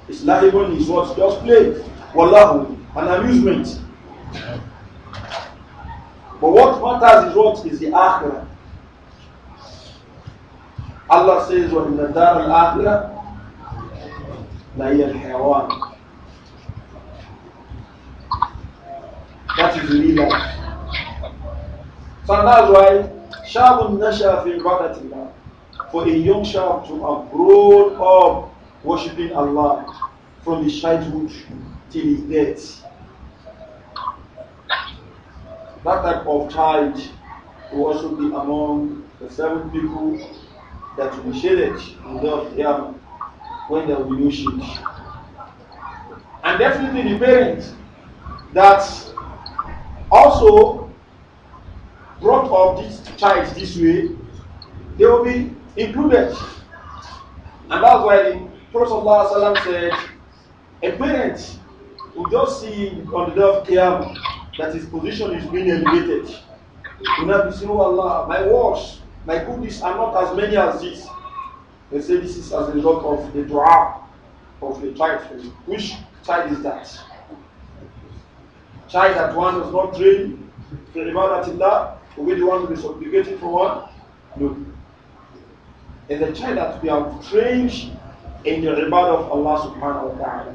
It's liable is what? Just play. Wallahu. An amusement. But what matters is what is the akhirah. Allah says, وَإِنَّ دَارَ الْآخِرَةِ لَهِيَ الْحَيَوَانِ That is the real life. So that's why شَابٌ نَشَى فِي عِبَادَةِ اللَّهِ For a young child to have grown up worshipping Allah from his childhood till his death. That type of child will also be among the seven people that will be shaded in the Qiyamah when there will be no shade. And definitely the parents that also brought up this child this way, they will be included. And that's why Prophet ﷺ said, a parent will just see on the day of Qiyam that his position is being elevated. Will not be saying, Oh Allah, my works, my goodies are not as many as this. They say this is as a result of the dua of the child. Which child is that? Child that one does not train, the Ibadatillah, will be the one who is obligated for one? No. And the child that we have trained in the riba of Allah subhanahu wa ta'ala.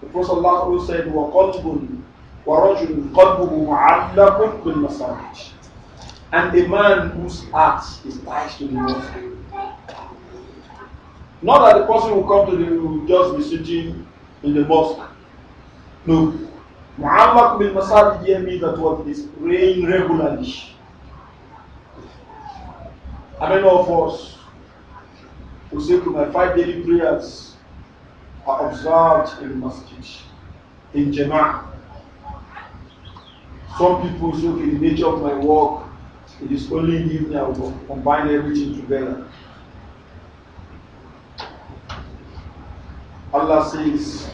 The Prophet Allah said, وَقَلْبٌ وَرَجُلٌ قَلْبُهُ مُعَلَّقٌ بِالْمَسَاجِدِ And a man whose heart is tied to the mosque. Not that the person will come to the will just be sitting in the mosque. No. Muhammad bin Masad here means that what is praying regularly. I don't know of us will say to my five daily prayers are observed in masjid, in jama'ah. Some people say, okay, the nature of my work, it is only in the evening I will combine everything together. Allah says,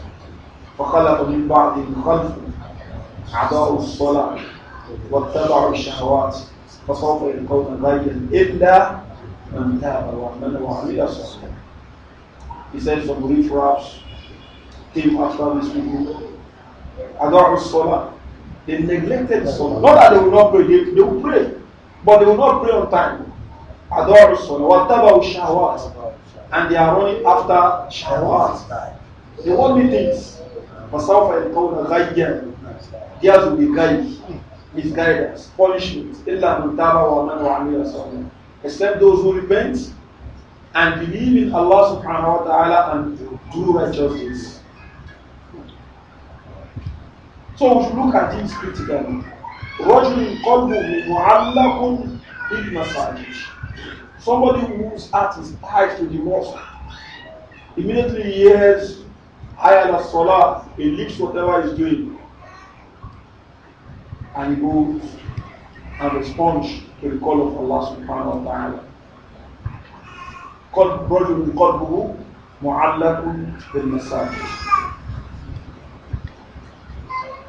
فَخَلَقَ مِنْ بَعْدِهِمْ خَلْفٌ أَعْضَاءُ الصَّلَاةِ وَاتَّبَعُوا الشَّهَوَاتِ فَسَوْفَ يَلْقَوْنَ غَيًّا إِلَّا من taba wa amana wa amila salihan. He said some rich raps came after these people. Adar Salah. They neglected Salah. Not that they will not pray, they, they will pray, but they will not pray on time. Adar Salah. Wa taba And they are running after shahwat. They want me things. فسوف يلقون غيا theirs will be guide, misguidance, punishment, إلا من تاب وآمن وعمل صالحا except those who repent and believe in Allah subhanahu wa ta'ala and do righteousness. So we should look at this critically. رجل قلبه معلق بالمساجد Somebody whose heart is tied to the mosque immediately he hears ayah salah, he leaves whatever he's doing and he goes and responds to the call of Allah subhanahu wa ta'ala. قلب رجل قلبه معلق بالمساجد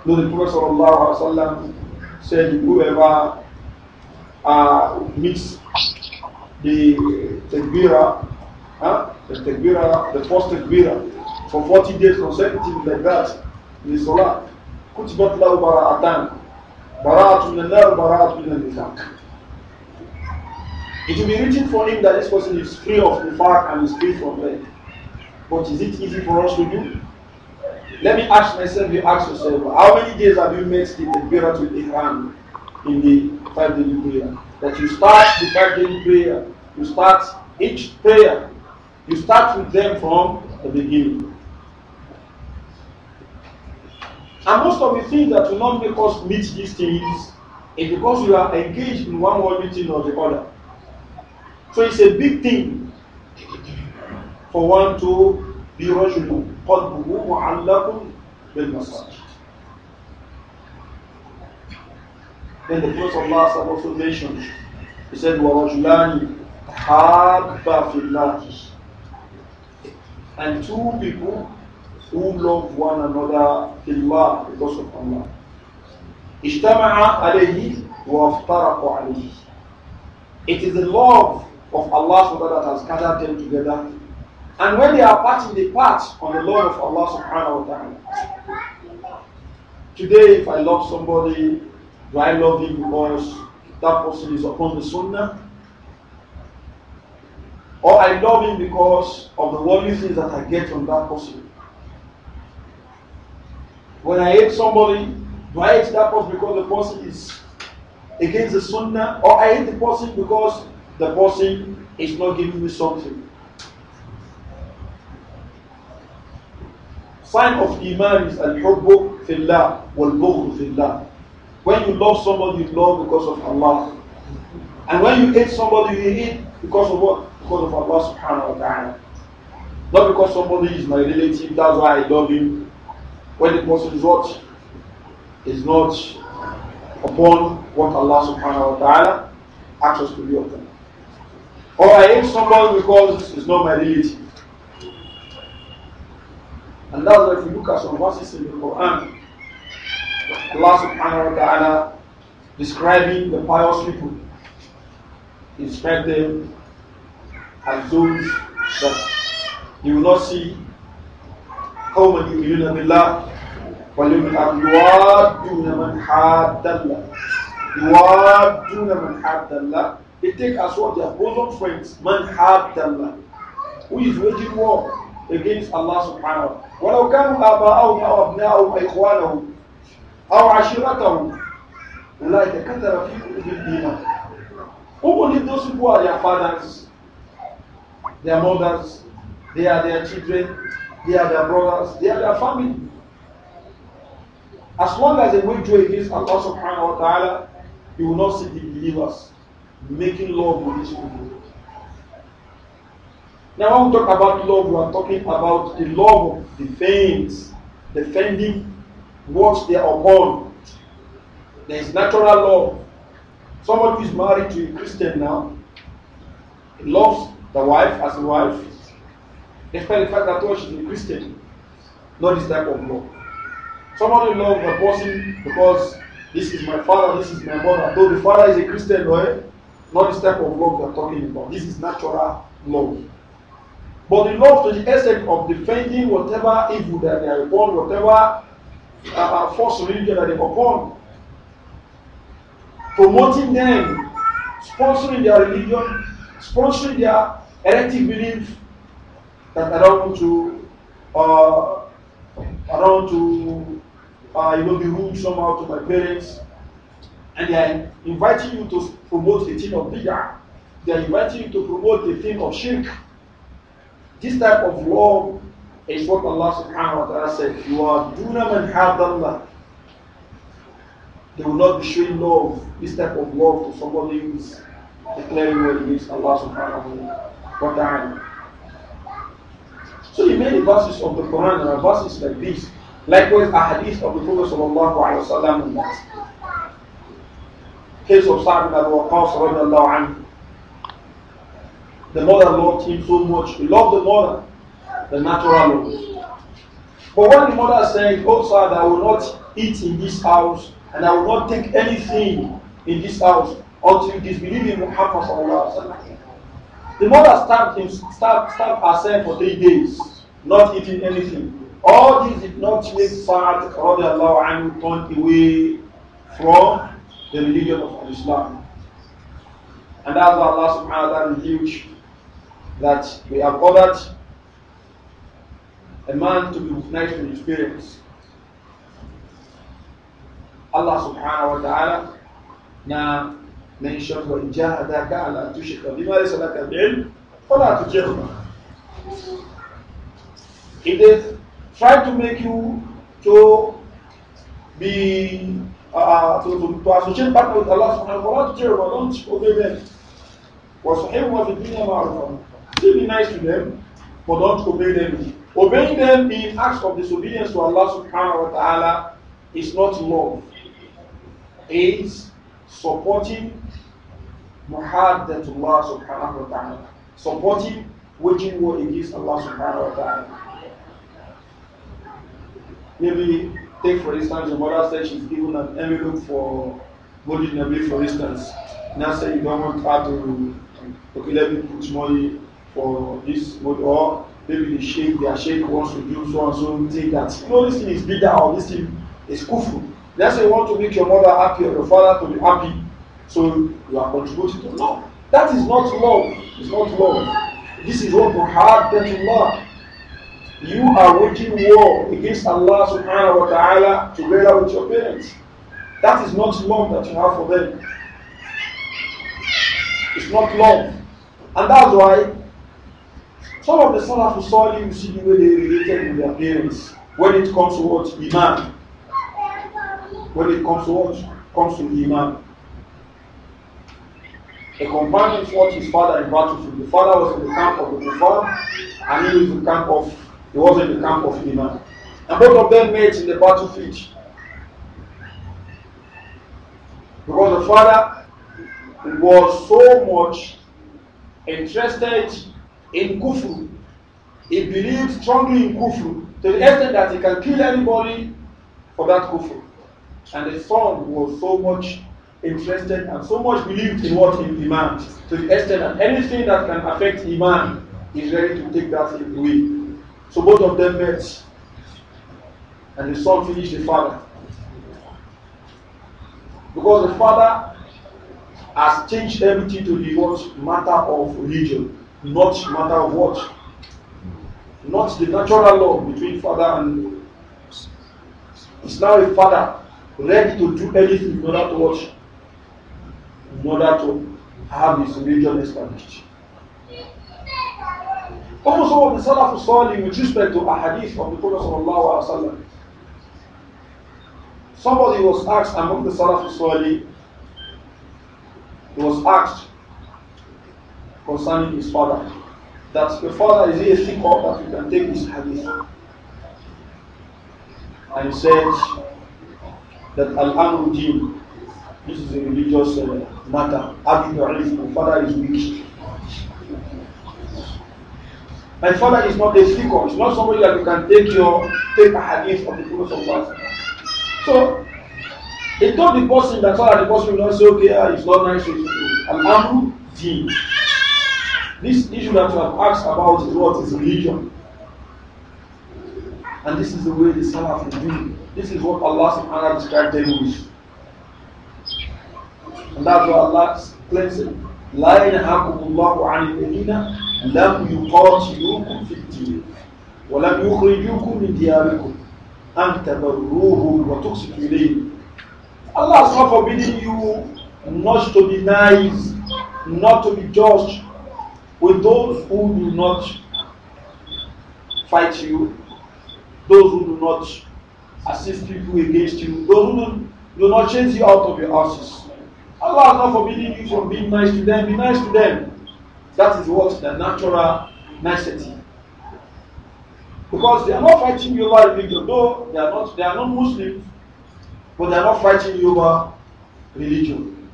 Lord the Prophet sallallahu alaihi wasallam said, whoever uh, meets the takbira, huh? the takbira, the first takbira for 40 days consecutive like that in the salah, kutibat lahu bara'atan, bara'atun min nar, bara'atun min al-nifaq. It will be written for him that this person is free of nifaq and is free from it. But is it easy for us to do? Let me ask myself, you ask yourself, how many days have you met the Takbirat with Ihram in the five daily prayer? That you start the five daily prayer, you start each prayer, you start with them from the beginning. And most of the things that will not make us meet these things is because we are engaged in one worldly thing or the other. So it's a big thing for one to be رجل قلبه معلق بالمساجد. Then the Prophet Allah also mentioned, he said, وَرَجُلَانِ حَابَّ فِي اللَّهِ And two people who love one another في الله because of Allah. اجتمع عليه وافترقوا عليه. It is the love of Allah subhanahu wa ta'ala has gathered them together. And when they are parting, they part on the law of Allah subhanahu wa ta'ala. Today, if I love somebody, do I love him because that person is upon the sunnah? Or I love him because of the worldly things that I get from that person? When I hate somebody, do I hate that person because the person is against the sunnah? Or I hate the person because the person is not giving me something. Sign of Iman is al-hubbu will wal-bughd fillah. When you love somebody, you love because of Allah. And when you hate somebody, you hate because of what? Because of Allah subhanahu wa ta'ala. Not because somebody is my relative, that's why I love him. When the person is what? Is not upon what Allah subhanahu wa ta'ala asks us to be upon. Or I hate somebody because it's not my relative. And that's why if you look at some verses in the Quran, Allah subhanahu wa ta'ala describing the pious people, he described them as those that you will not see how many you will billah wa yu'minuna You will yu'aduna man haddallah They take as what their bosom friends, man had Allah, who is waging war against Allah subhanahu wa ta'ala. وَلَوْ كَانُوا آبَاءَهُمْ أَوْ أَبْنَاءَهُمْ إِخْوَانَهُمْ أَوْ عَشِيرَتَهُمْ أُولَٰئِكَ كَتَبَ فِي قُلُوبِهِمُ الْإِيمَانَ Who believe those who are their fathers, their mothers, they are their children, they are their brothers, they are their family. As long as they wage war against Allah subhanahu wa ta'ala, you will not see the believers. making love with these people. Now, when we talk about love, we are talking about the love of the defending what they are upon. There is natural love. Someone who is married to a Christian now he loves the wife as a wife, despite the fact that she is a Christian. Not this type of love. Someone who loves the person because this is my father, this is my mother. Though the father is a Christian, right? Eh? Not this type of love we are talking about. This is natural love. But the love to the extent of defending whatever evil that they are upon, whatever uh, uh false religion that they are upon, promoting them, sponsoring their religion, sponsoring their heretic belief that I don't want to, uh, I don't want to, uh, you know, be rude somehow to my parents. and they are inviting you to promote the theme of bigger. They are inviting you to promote the theme of shirk. This type of law is what Allah subhanahu wa ta'ala said. You are duna and hadallah. They will not be showing love, this type of love to somebody who is declaring what it is Allah subhanahu wa ta'ala. So in many verses of the Quran, there are verses like this. Likewise, a hadith of the Prophet sallallahu alayhi wa sallam case of Sa'd ibn Waqqas The mother loved him so much. He loved the mother, the natural love. But when the mother said, Oh Sa'd, I will not eat in this house and I will not take anything in this house until you disbelieve in Muhammad sallallahu The mother stabbed him, stabbed, stabbed herself for three days, not eating anything. All this did not make Sa'd turn away from the religion of Islam. And that's why Allah subhanahu wa ta'ala revealed that we have ordered a man to be recognized from his parents. Allah subhanahu wa ta'ala now mentioned وَإِن jahadaka عَلَىٰ تُشْرِكَ بِمَا لَيْسَ لَكَ بِعِلْمٍ to تُطِعْهُمَا If they try to make you to be uh, to, to, Allah subhanahu wa ta'ala, don't obey them. وَصَحِبْ وَفِدِّينَ مَعْرُفًا Still be nice to them, but don't obey them. Obeying them in acts of disobedience to Allah subhanahu wa ta'ala is not love. It's supporting muhaddatullah subhanahu wa ta'ala. Supporting waging war against Allah subhanahu wa ta'ala. Maybe Take, for instance, your mother said she's given an envelope for Bodi Nabi, for instance. Now say you don't want her to, okay, let me put money for this, or maybe the sheikh, their sheikh wants to do so and so, take that. You know, this thing is bitter. or this thing is kufu. Now say you want to make your mother happy or your father to be happy, so you are contributing to No, that is not love. It's not love. This is what Muhammad law. you are waging war against Allah subhanahu wa ta'ala together with your parents. That is not love that you have for them. It's not love. And that's why some of the Salaf saw you see the way they related with their parents when it comes to what? Iman. When it comes to what? Comes to the Iman. A companion fought his father in battlefield. The father was in the camp of the Kuffar and he was in the camp of he was in the camp of Iman. And both of them met in the battlefield. Because the father was so much interested in kufu. He believed strongly in kufu to the extent that he can kill anybody for that kufu, And the son was so much interested and so much believed in what he Iman to the extent that anything that can affect Iman is ready to take that away. So both of them met. And the son finished the father. Because the father has changed everything to the what matter of religion, not matter of what? Not the natural law between father and it's now a father ready to do anything in order to watch, in order to have his religion established. Even some of the Salaf Salih with respect to a hadith of the Prophet Sallallahu Alaihi Wasallam. Somebody was asked among the Salaf Salih, he was asked concerning his father, that the father is he a thicker that you can take his hadith. And he said that Al-Amru this is a religious uh, matter, Abu father is weak. My father is not a figure. It's not somebody that you can take your take a hadith of the Prophet of God. So he told the person that father the person will not say, okay, ah, it's not nice to you. Al Amru Deen. This issue that you have asked about is what is religion. And this is the way the Salaf will do. This is what Allah subhanahu described them with. And that's what Allah cleansed. لا الله عن لم يقاتلوكم في الدين ولم يخرجوكم من دياركم أن تبروهم وتقسطوا إليهم Allah is not forbidding you not to be nice, not to be just with those who do not fight you, those who do not assist people against you, those who do not chase you out of your houses. Allah is not forbidding you from being nice to them, be nice to them. That is what the natural nicety. Because they are not fighting you over religion, though they are not they are not Muslims, but they are not fighting you over religion.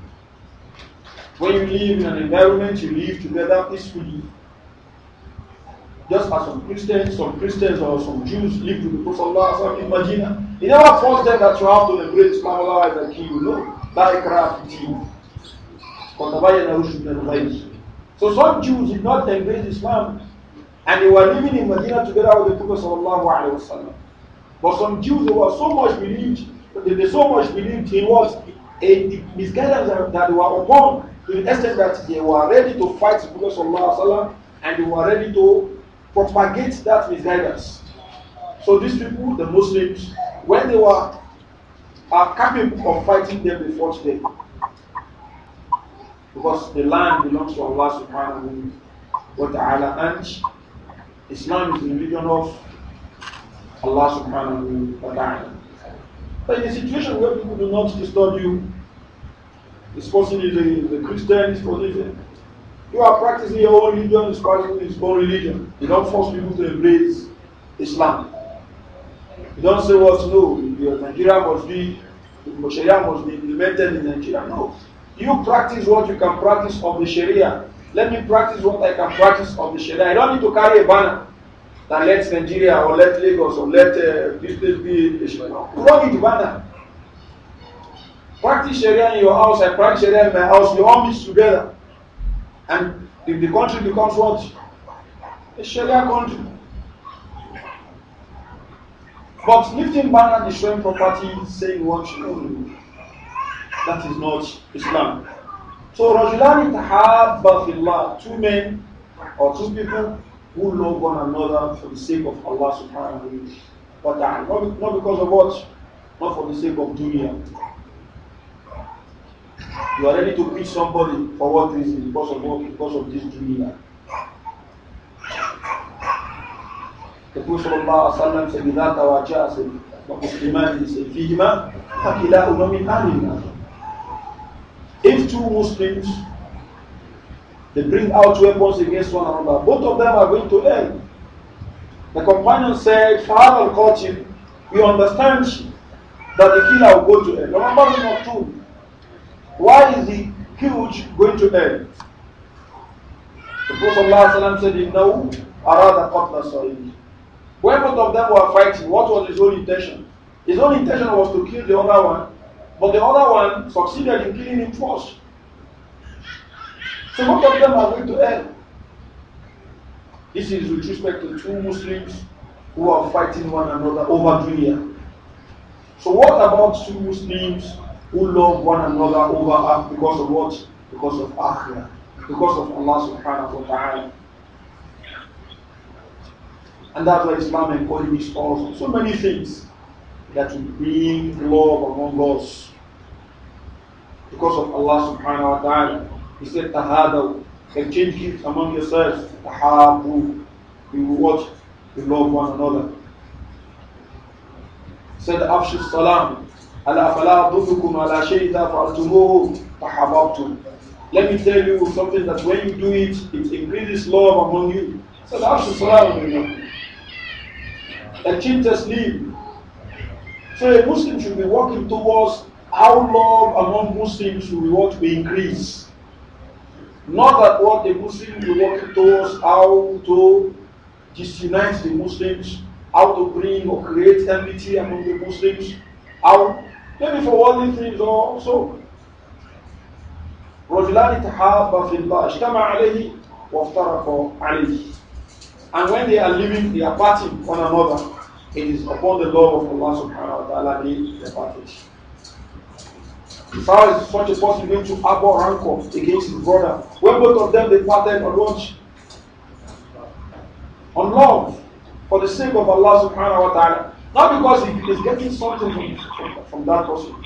When you live in an environment, you live together peacefully. Just as some Christians, some Christians or some Jews live with the Prophet in Medina. He never forced them that you have to embrace Islam, otherwise I kill you. know that craft you. So some Jews did not embrace Islam and they were living in Medina together with the Prophet wasallam. But some Jews they were so much believed, they, so much believed in what a misguidance that, they were upon to the extent that they were ready to fight the Prophet wasallam and they were ready to propagate that misguidance. So these people, the Muslims, when they were are capable of fighting them, they fought them. Because the land belongs to Allah subhanahu wa ta'ala and Islam is the religion of Allah subhanahu wa ta'ala. But in a situation where people do not disturb you, this person is a, is a Christian, this person is a, you are practicing your own religion, is practicing his own religion. You don't force people to embrace Islam. You don't say what well, no, your Nigeria must be Sharia must be implemented in Nigeria. No. You practice what you can practice of the Sharia. Let me practice what I can practice of the Sharia. I don't need to carry a banner that lets Nigeria or let Lagos or let uh, this place be a Sharia. You don't need banner. Practice Sharia in your house, I practice Sharia in my house, you all meet together. And if the country becomes what? A Sharia country. But lifting banner, destroying property, saying what you that is not Islam. So Rajulani Tahabba Fillah, two men or two people who love one another for the sake of Allah subhanahu wa ta'ala. Not, not because of what? Not for the sake of dunya. You are ready to beat somebody for what reason? Because of what? Because of this dunya. The Prophet ﷺ said, إِذَا تَوَاجَعَ سَيْفِهِمَا فَكِلَاهُمَا مِنْ أَهْلِ النَّارِ if two Muslims they bring out weapons against one another, both of them are going to hell. The companion said, Father caught him. We understand that the killer will go to hell. Remember number two. Why is the huge going to hell? The Prophet said, No, Arada Qatla Sa'id. When both of them were fighting, what was his own intention? His own intention was to kill the other one but the other one succeeded in killing him first. So both of them are going to hell. This is with respect to two Muslims who are fighting one another over dunya. So what about two Muslims who love one another over us because of what? Because of akhirah, because of Allah subhanahu wa ta'ala. And that's why Islam encourages us so many things that will bring love among us because of Allah subhanahu wa ta'ala. He said, Tahadaw, exchange gifts among yourselves. Tahabu, you will watch, you love one another. said, Afshu salam, ala fala adudukum ala shayta fa'altumuhu tahababtum. Let me tell you something that when you do it, it increases love among you. So the Afshu salam, Achieve leave. So a Muslim should be walking towards how love among Muslims will what we increase. Not that what the Muslims will work towards how to disunite the Muslims, how to bring or create enmity among the Muslims, how maybe for worldly things also. رجلان تحابا في الله اجتمع عليه عليه and when they are living they are parting one another it is upon the love of Allah subhanahu wa ta'ala they are parted Far is such a person going to harbor rancor against his brother. When both of them they parted on what? On love. For the sake of Allah subhanahu wa ta'ala. Not because he is getting something from, from that person.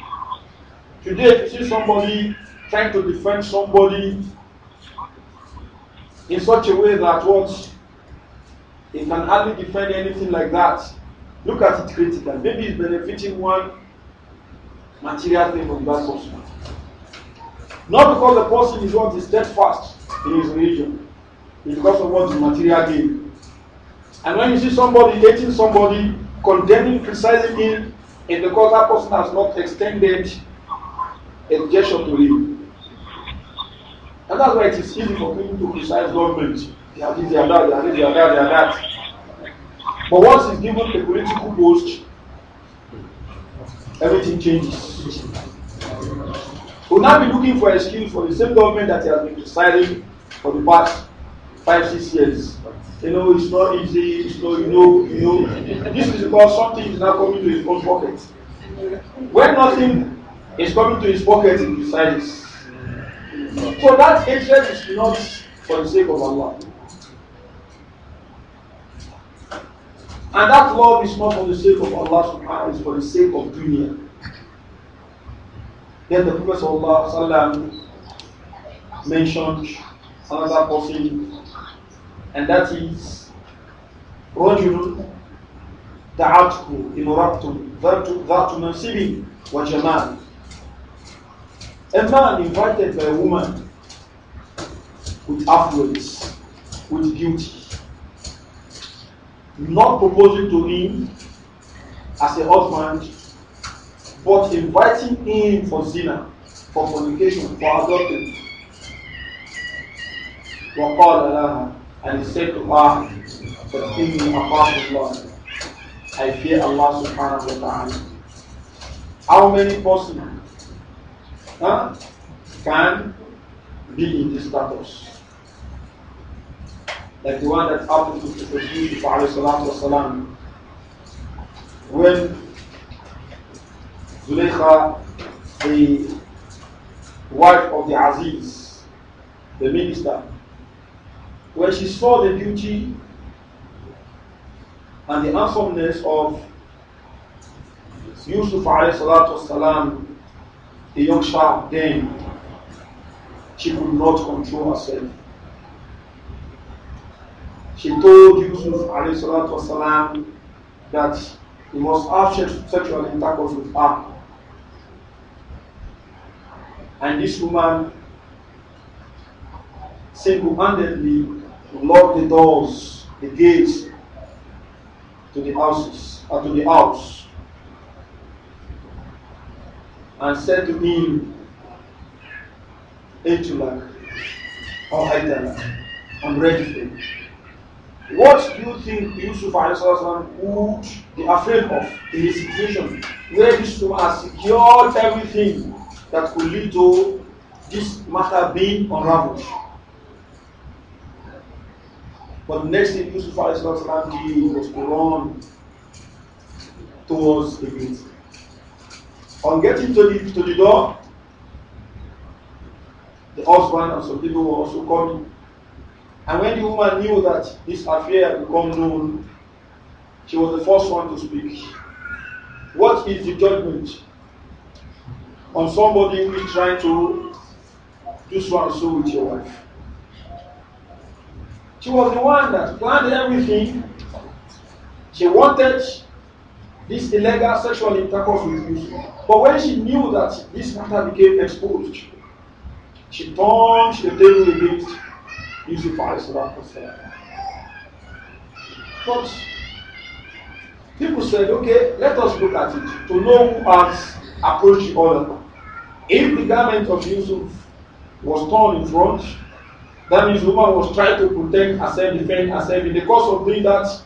Today, if you see somebody trying to defend somebody in such a way that what he can hardly defend anything like that, look at it critically. Maybe he's benefiting one material thing from that person. Not because the person is what is steadfast in his religion, it's because of what the material gain. And when you see somebody hating somebody, condemning, criticizing him, it's because that person has not extended a gesture to him. And that's why it is easy for people to criticize government. They are this, they are that, they are this, they are that, they are that. But once he's given a political post, everything changes. We'll now be looking for excuse for the same government that has been deciding for the past five, six years. You know, it's not easy, it's not, you know, you know. This is because something is not coming to his own pocket. When nothing is coming to his pocket, he decides. So that hatred is not for the sake of Allah. And that love is not for the sake of Allah subhanahu wa it's for the sake of dunya. Then the Prophet mentioned another person, and that is رجل دعتك امرأة ذات منصب وجمال. A man invited by a woman with affluence, with beauty. not proposing to him as a husband, but inviting him for zina, for fornication, for adultery. وقال لها and he said to her, فإني أخاف الله I fear Allah subhanahu wa ta'ala. How many persons huh, can be in this status? like the one that happened to Prophet Yusuf when Zuleika, the wife of the Aziz, the minister, when she saw the beauty and the handsomeness of Yusuf والسلام, the young child then, she could not control herself she told Yusuf والسلام, that he must have sexual intercourse with her. And this woman single-handedly locked the doors, the gates to the houses, uh, to the house, and said to him, Etulak, or Aitalak, I'm ready for you. What do you think Yusuf would be afraid of in a situation where Yusuf has secured everything that could lead to this matter being unraveled? But the next thing Yusuf did was to run towards the gate. On getting to the, to the door, the husband and some people were also coming And when the woman knew that this affair had become known, she was the first one to speak. What is the judgment on somebody who is trying to do so and so with your wife? She was the one that planned everything. She wanted this illegal sexual intercourse with you. But when she knew that this matter became exposed, she turned the table against Yusuf Alayhi But people said, okay, let us look at it to know who has approached the other. If the garment of Yusuf was torn in front, that means woman was trying to protect herself, defend herself. In the course of doing that,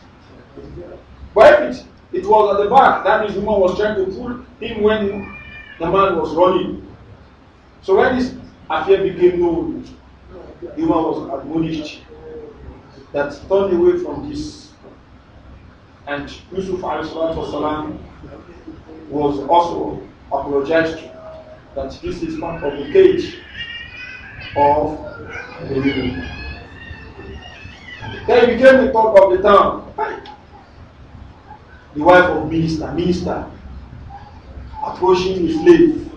but if it, it was at the back, that means woman was trying to pull him when the man was running. So when this affair became known, Umar was admonished that turn away from this. And Yusuf والسلام, was also apologized that this is part of the cage of the living. Then became the talk of the town. The wife of minister, minister, approaching the slave.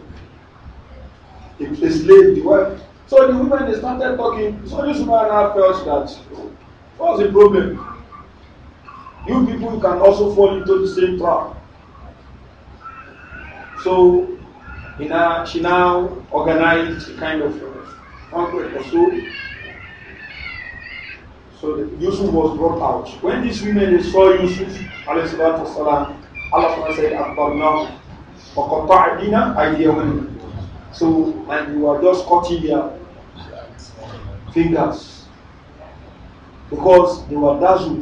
The slave, the wife, so the women they started talking. So this woman now felt that what's the problem? You people can also fall into the same trap. So you know, she now organized a kind of banquet uh, or so. So Yusuf was brought out. When these women they saw Yusuf, والسلام, Allah said, Akbar now, So, and you are just cutting their fingers because they were dazzled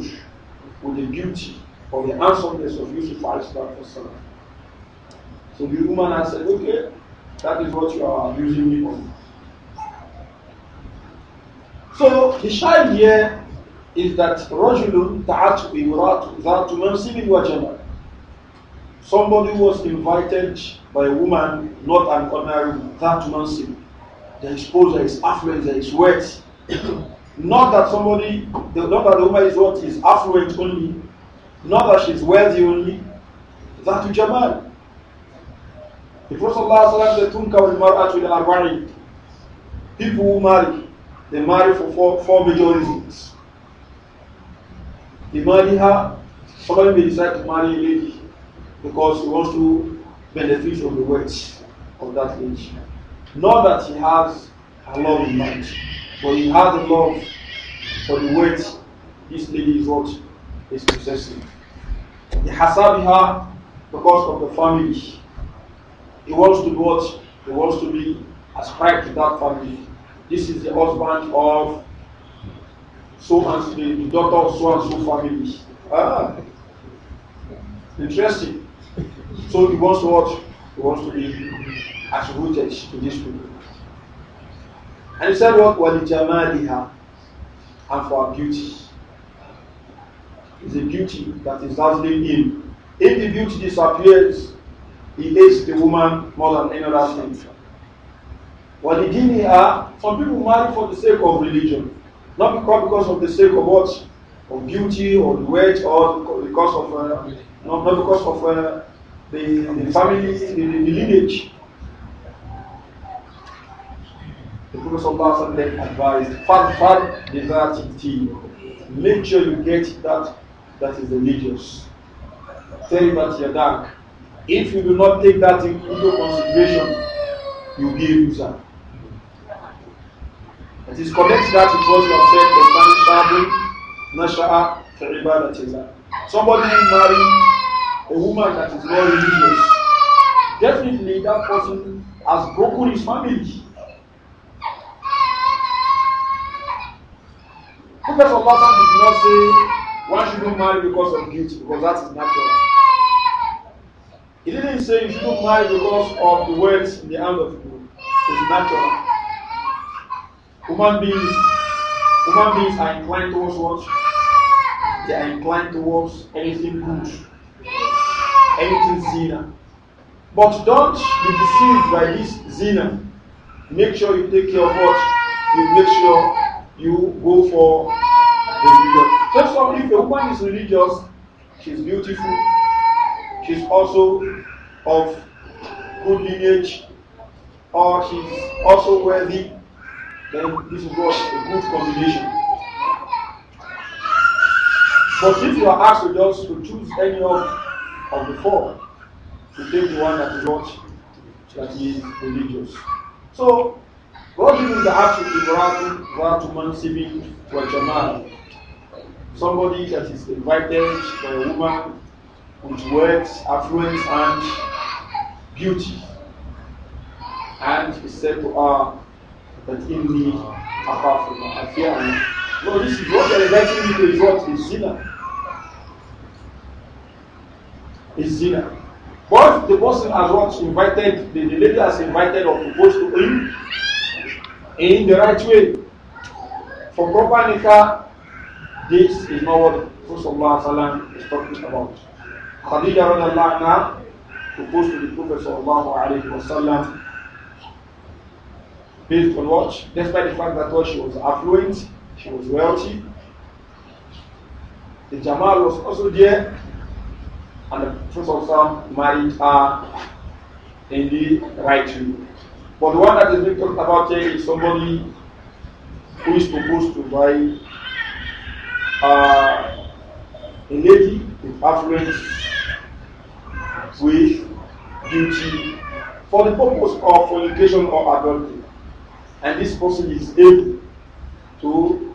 with the beauty of the handsomeness of Yusuf Islam. So the woman has said, okay, that is what you are using me on. So the shine here is that Rajulun Ta'atu to Zatu Mansibin Wajamal. Somebody was invited by a woman, not an ordinary to Mansibin. there is pose, there is affluence, there is wealth. not that somebody, not that the woman is what is affluent only, not that she's wealthy only. That to Jamal. The Prophet said, Tunka to marry arba'in. People who marry, they marry for four, four major reasons. They marry her, somebody may decide to marry a lady because he wants to benefit from the wealth of that lady. Not that he has a love in mind, but he has a love for the weight this lady is what is possessing. He her because of the family. He wants to what? He wants to be ascribed to that family. This is the husband of so and so, the daughter of so and so family. Ah, interesting. So he wants to what? He wants to be attributed to these people. And you said, What have, And for beauty. It's a beauty that is dazzling him. If the beauty disappears, he hates the woman more than any other thing. are? some people marry for the sake of religion, not because, because of the sake of what? Of beauty or the weight or because of, uh, not, not because of uh, the, the family, the, the lineage. The Prophet Sallallahu Alaihi advised, "Far, Farfar Divati Make sure you get that that is religious. Tell that Teribat dark. If you do not take that into consideration, you give loser." It is connected that with what you have said concerning Shabu, Nasha'a, Teribat Yadak. Somebody marry a woman that is not religious. Definitely that person has broken his family. Prophet of Allah did not say one should not marry because of guilt, because that is natural. He didn't say you should not marry because of the words in the hand of you. It's natural. Human beings, human beings are inclined towards what? They are inclined towards anything good, anything zina. But don't be deceived by this zina. Make sure you take care of what? You make sure you go for religious. So somebody, if a woman is religious, she's beautiful, she's also of good lineage, or she's also worthy, then this is what a good combination. But if you are asked to just to choose any of, of the four, to take the one that is not that is religious. So God gives the attribute to Baratu, Baratu Mansibi, to Jamal. somebody that is invited by a woman with wealth, affluence, and beauty. And he said to her that in me, apart from her, I fear him. No, this is what they're inviting me to is what? Is sinner. Is sinner. But the person has not invited, the, the lady has invited or proposed to him in the right way. For proper nikah, this is not what Prophet is talking about. Khadija anha proposed to the Prophet وسلم, based on what? Despite the fact that she was affluent, she was wealthy, the Jamal was also there, and the Prophet married her in the right way. But the one that is being talked about here is somebody who is proposed to buy uh, a lady is affluent with beauty for the purpose of fornication or adultery. And this person is able to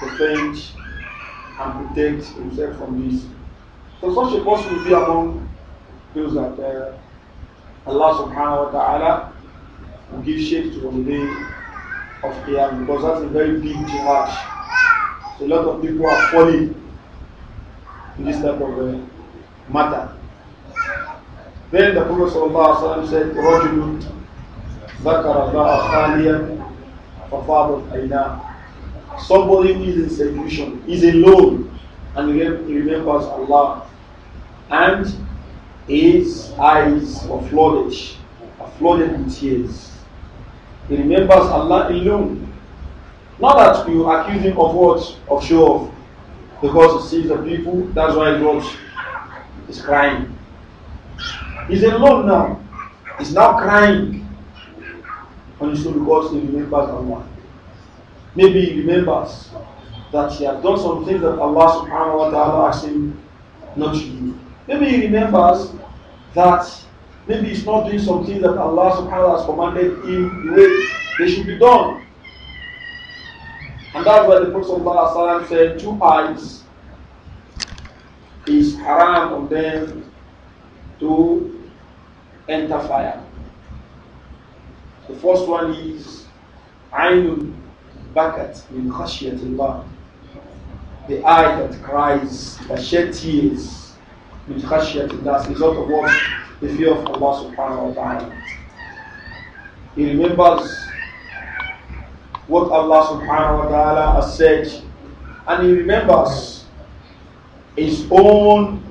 defend and protect himself from this. So such a person will be among those that uh, Allah subhanahu wa ta'ala will give shape to on the day of Qiyam because that's a very big jihad. So a lot of people are falling in this type of uh, matter. Then the Prophet said, رَجُلٌ ذَكَرَ اللَّهَ خَالِيًا فَفَاضَتْ Somebody who is in seclusion, is alone, and he remembers Allah, and his eyes are flooded, are flooded with tears. He remembers Allah alone, not that you accuse him of what? Of show Because he sees the people, that's why he is crying. He's alone now. He's now crying. And so because he remembers Allah. Maybe he remembers that he had done some things that Allah subhanahu wa ta'ala asked him not to do. Maybe he remembers that maybe he's not doing some things that Allah subhanahu wa ta'ala has commanded him the way they should be done. And that's why the Prophet said, two eyes is haram on them to enter fire. The first one is Ainul Bakat min khashyatillah. The eye that cries, that sheds tears min khashyatillah is result of what? The fear of Allah subhanahu wa ta'ala. He remembers what Allah subhanahu wa ta'ala has said. And he remembers his own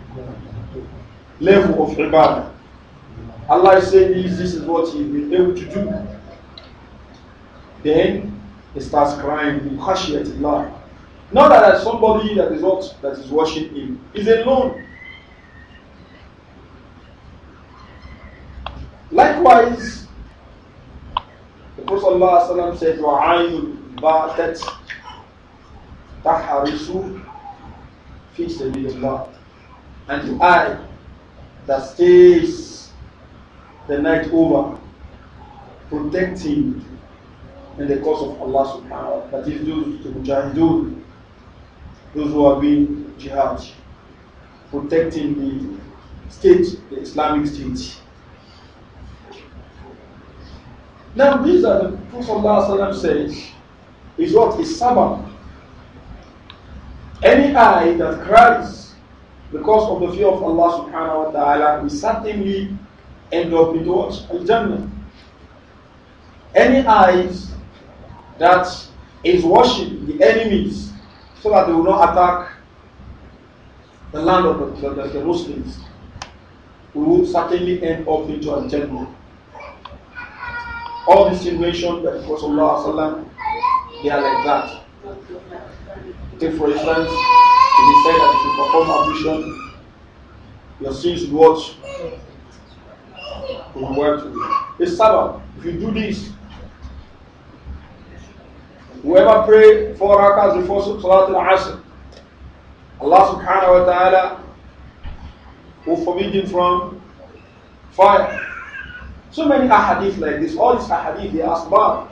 level of ibadah. Allah says, this, this is what he will be able to do. Then he starts crying, Mukhashiyatillah. Not that there's somebody that is what that is watching him. He's alone. Likewise, Prophet said, Your ayn batat taharisu fi sabilillah. And the that stays the night over protecting in the cause of Allah subhanahu wa ta'ala. That is those to mujahidun, those who are being jihad, protecting the state, the Islamic state. Now, this that the Prophet says is what is sabah. Any eye that cries because of the fear of Allah subhanahu wa ta'ala will certainly end up into a Al Jannah. Any eyes that is worship the enemies so that they will not attack the land of the, the, the Muslims will certainly end up into Al Jannah. All these situations that by the Prophet Sallallahu they are like that. Take for instance, if you say that if you perform ablution, your sins will what? Will work to you. It's Sabbath. If you do this, whoever pray four rakahs before Salat al-Asr, Allah subhanahu wa ta'ala will forbid him from fire. So many ahadith like this, all these ahadith, they are about.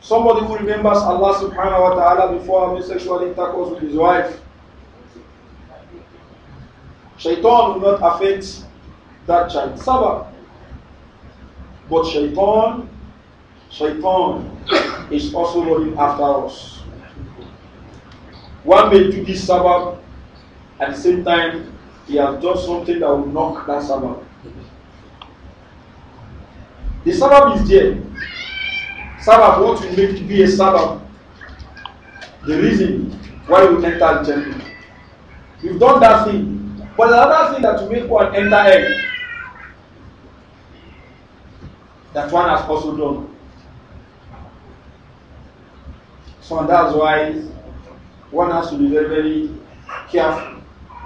Somebody who remembers Allah subhanahu wa ta'ala before having sexual intercourse with his wife. Shaitan will not affect that child. Sabah. But shaitan, shaitan is also running after us. One may do this sabbath at the same time he has done something that will knock that sabbath. The sabbath is there. Sabbath, what will make it be a sabbath? The reason why you enter the temple. You've done that thing. But another thing that will make one enter hell, that one has also done. So that's why one has to be very, very careful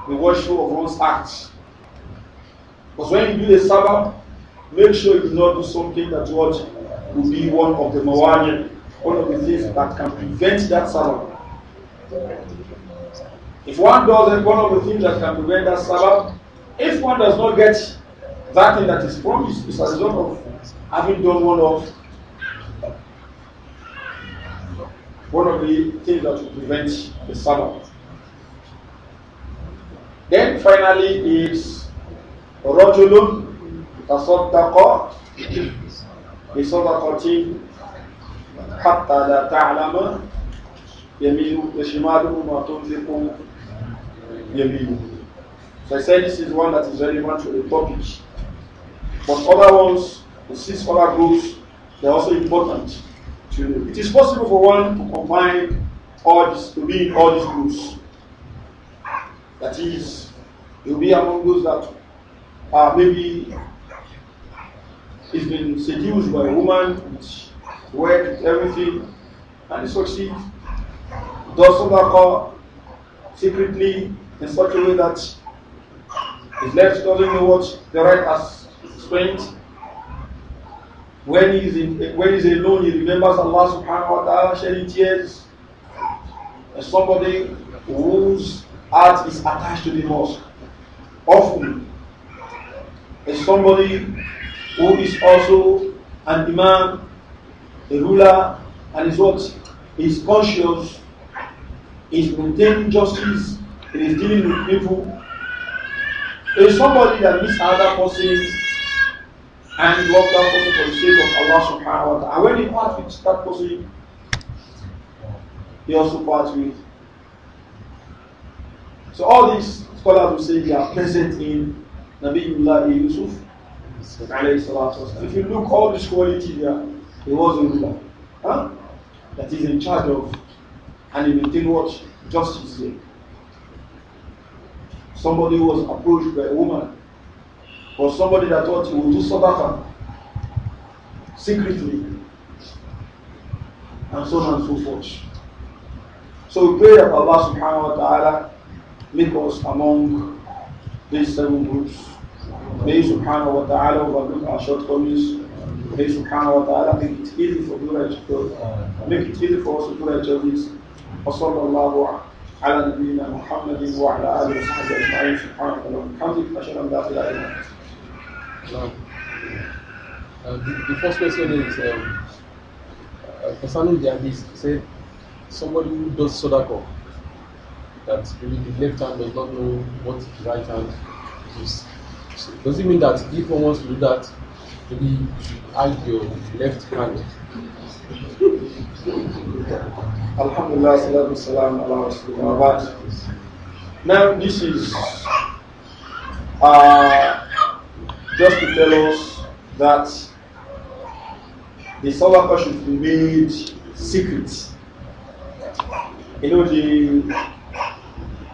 the worship of one's acts. Because when you do the Sabbath, Make sure you do not do something that what would be one of the mawani, one of the things that can prevent that sabbath. If one does one of the things that can prevent that sabbath, if one does not get that thing that is promised, it's a result of having done one of one of the things that will prevent the sabbath. Then finally is Rajulun تصدق بصدقة حتى لا تعلم يمين وشماله ما تنفق يمينه. So I said this is one that is relevant to the topic. But other ones, the six other groups, they're also important to know. It is possible for one to combine all this, to be in all these groups. That is, you'll be among those that are maybe he's been seduced by a woman with worked everything, and he succeeds. Does sadaqah secretly in such a way that his left doesn't know what the right has spent. When he's, in, when he's alone, he remembers Allah subhanahu wa ta'ala shedding tears. And somebody whose heart is attached to the mosque. Often, is somebody who is also an imam, a ruler, and is what is conscious, is maintaining justice, and is dealing with people. Is somebody that meets other person and love that person for the sake of Allah subhanahu wa ta'ala. And when he parts with that person, he also parts with. So all these scholars will say they are present in Nabiullah Yusuf If you look all this quality there, he was a ruler. Huh? That is in charge of and he maintained what? Justice there. Somebody was approached by a woman or somebody that thought he would do sadaqah secretly and so on and so forth. So we pray that Allah subhanahu wa ta'ala make us among these seven groups. May subhanahu wa ta'ala overlook our shortcomings. May subhanahu wa ta'ala make it easy for Duraj make it easy for us to do our duties. وصلى الله على نبينا محمد وعلى اله وصحبه اجمعين سبحانك اللهم وبحمدك اشهد ان لا اله الا انت. The first question is um, uh, concerning the hadith. Said somebody who does sodako, that really the left hand does not know what the right hand is. Does it mean that if one wants to do that, maybe you should add your left hand? Alhamdulillah, salatu salam, Allah Now, this is uh, just to tell us that the sadaqah should be made secret. You know, the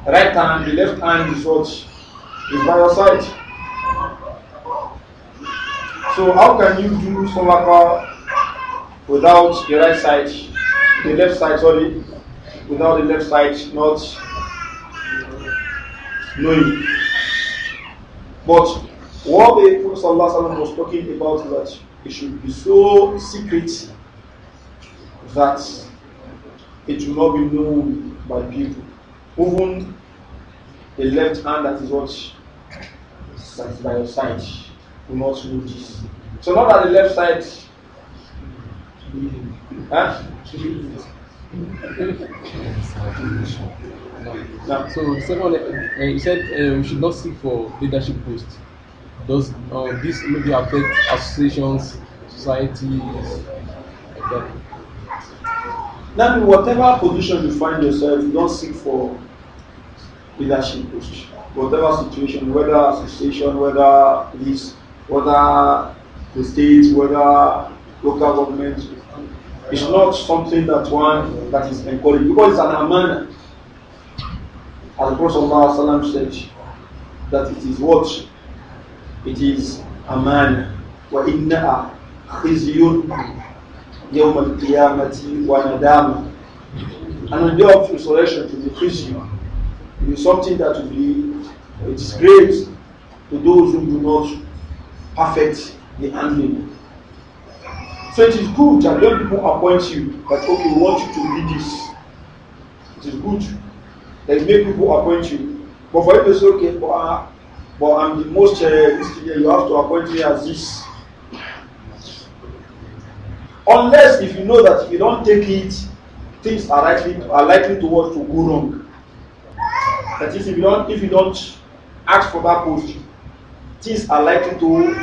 right hand, the left hand is what is by your side. So how can you do sadaqah without the right side, the left side, sorry, without the left side not knowing? But what the Prophet was talking about is that it should be so secret that it will not be known by people. Even the left hand that is what that's by your side. We must do this. So not at the left side. Huh? so someone uh, eh, you said uh, we should not seek for leadership posts. Does uh, this maybe affect associations, societies, like that? Now, in whatever position you find yourself, you don't seek for leadership posts. Whatever situation, whether association, whether this whether the states, whether local governments. It's not something that one that is encouraged because it's an amana. As the Prophet Allah said, that it is what? It is amana. وَإِنَّهَا خِزْيٌ يَوْمَ الْقِيَامَةِ وَنَدَامَةً And on the day of resurrection, to the prison is something that will be a disgrace to those who do not perfect the handling. So it is good that when people appoint you, that okay, we want you to do this. It is good that you make people appoint you. But for you say, okay, but, uh, but I'm the most, uh, you have to appoint me as this. Unless if you know that if you don't take it, things are likely are likely to what to go wrong. That is, if you don't if you don't ask for that post, things are likely to,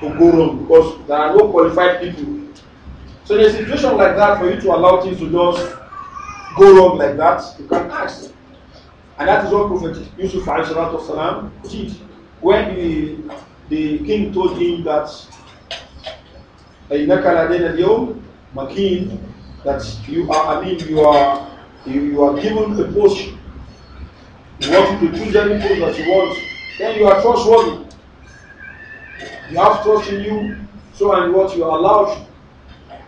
to go wrong because there are no qualified people. So in a situation like that, for you to allow things to just go wrong like that, you can ask. And that is what Prophet Yusuf salam did when the, the king told him that Makin, that you are, I mean, you are, you, you are given a post. You want to choose any post that you want. Then you are trustworthy. You have trust in you, so and what you are allowed.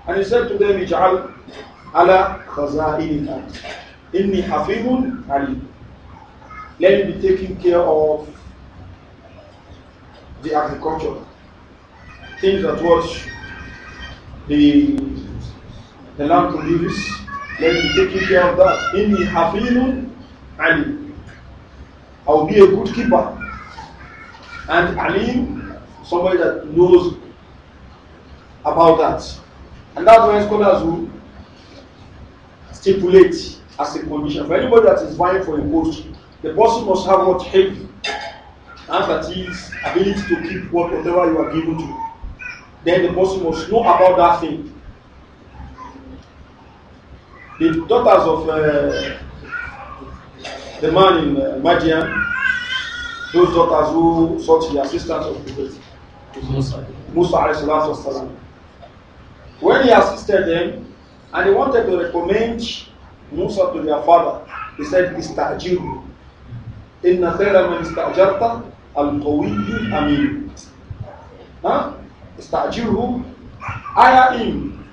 And he said to them, Ij'al ala khaza'inina. Inni hafidun Let me be taking care of the agriculture. Things that what the the land produces, let me be taking care of that. Inni hafidun Ali. I'll be a good keeper. And alim somebody that knows about that. And that's why scholars will stipulate as a condition for anybody that is vying for a post, the person must have what help and that is ability to keep what whatever you are given to. Then the person must know about that thing. The daughters of uh, the man in uh, Madian, those daughters who sought the assistance of the Prophet, Musa. Musa والسلام, when he assisted them and he wanted to recommend Musa to their father, he said, Istajiru. Inna khayra man istajarta al kawiyu amin. Huh? Istajiru, hire him.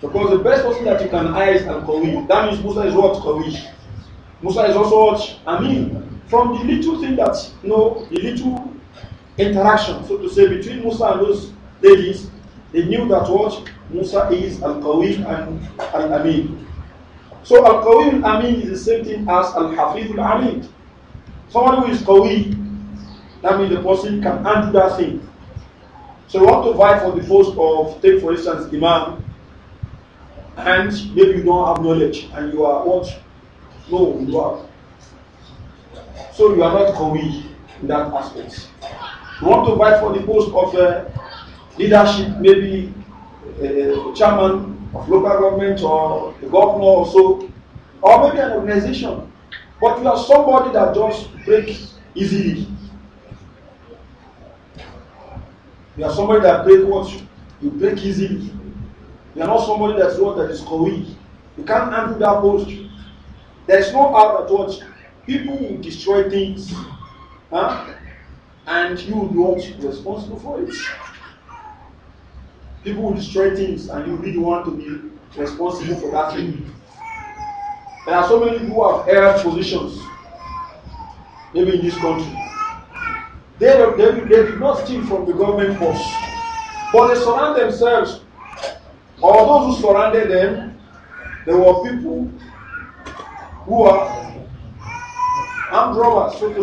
Because the best person that you can hire is al-qawi. That means Musa is what? kawiyu. Musa is also what? Amin. From the little thing that, you know, the little interaction, so to say, between Musa and those ladies, they knew that what Musa is Al Qawi and Al Amin. So Al Qawi and Amin is the same thing as Al Hafiz Al Amin. Someone who is Qawi, that means the person can handle that thing. So you want to fight for the force of, take for instance, Imam, and maybe you don't have knowledge and you are what? No, you are. So you are not Qawi in that aspect. You want to fight for the post of uh, leadership, maybe uh, uh chairman of local government or a governor or so, or maybe an organization. But you are somebody that just breaks easily. You are somebody that break what you break easily. You are not somebody that's what that is coy. You can't handle that post. There is no out at what people will destroy things. Huh? and you will be responsible for it. People will destroy things and you really want to be responsible for that thing. There are so many who have held positions, maybe in this country. They, they, they did not steal from the government force, but they surround themselves, or those who surrounded them, There were people who are armed robbers, so to say.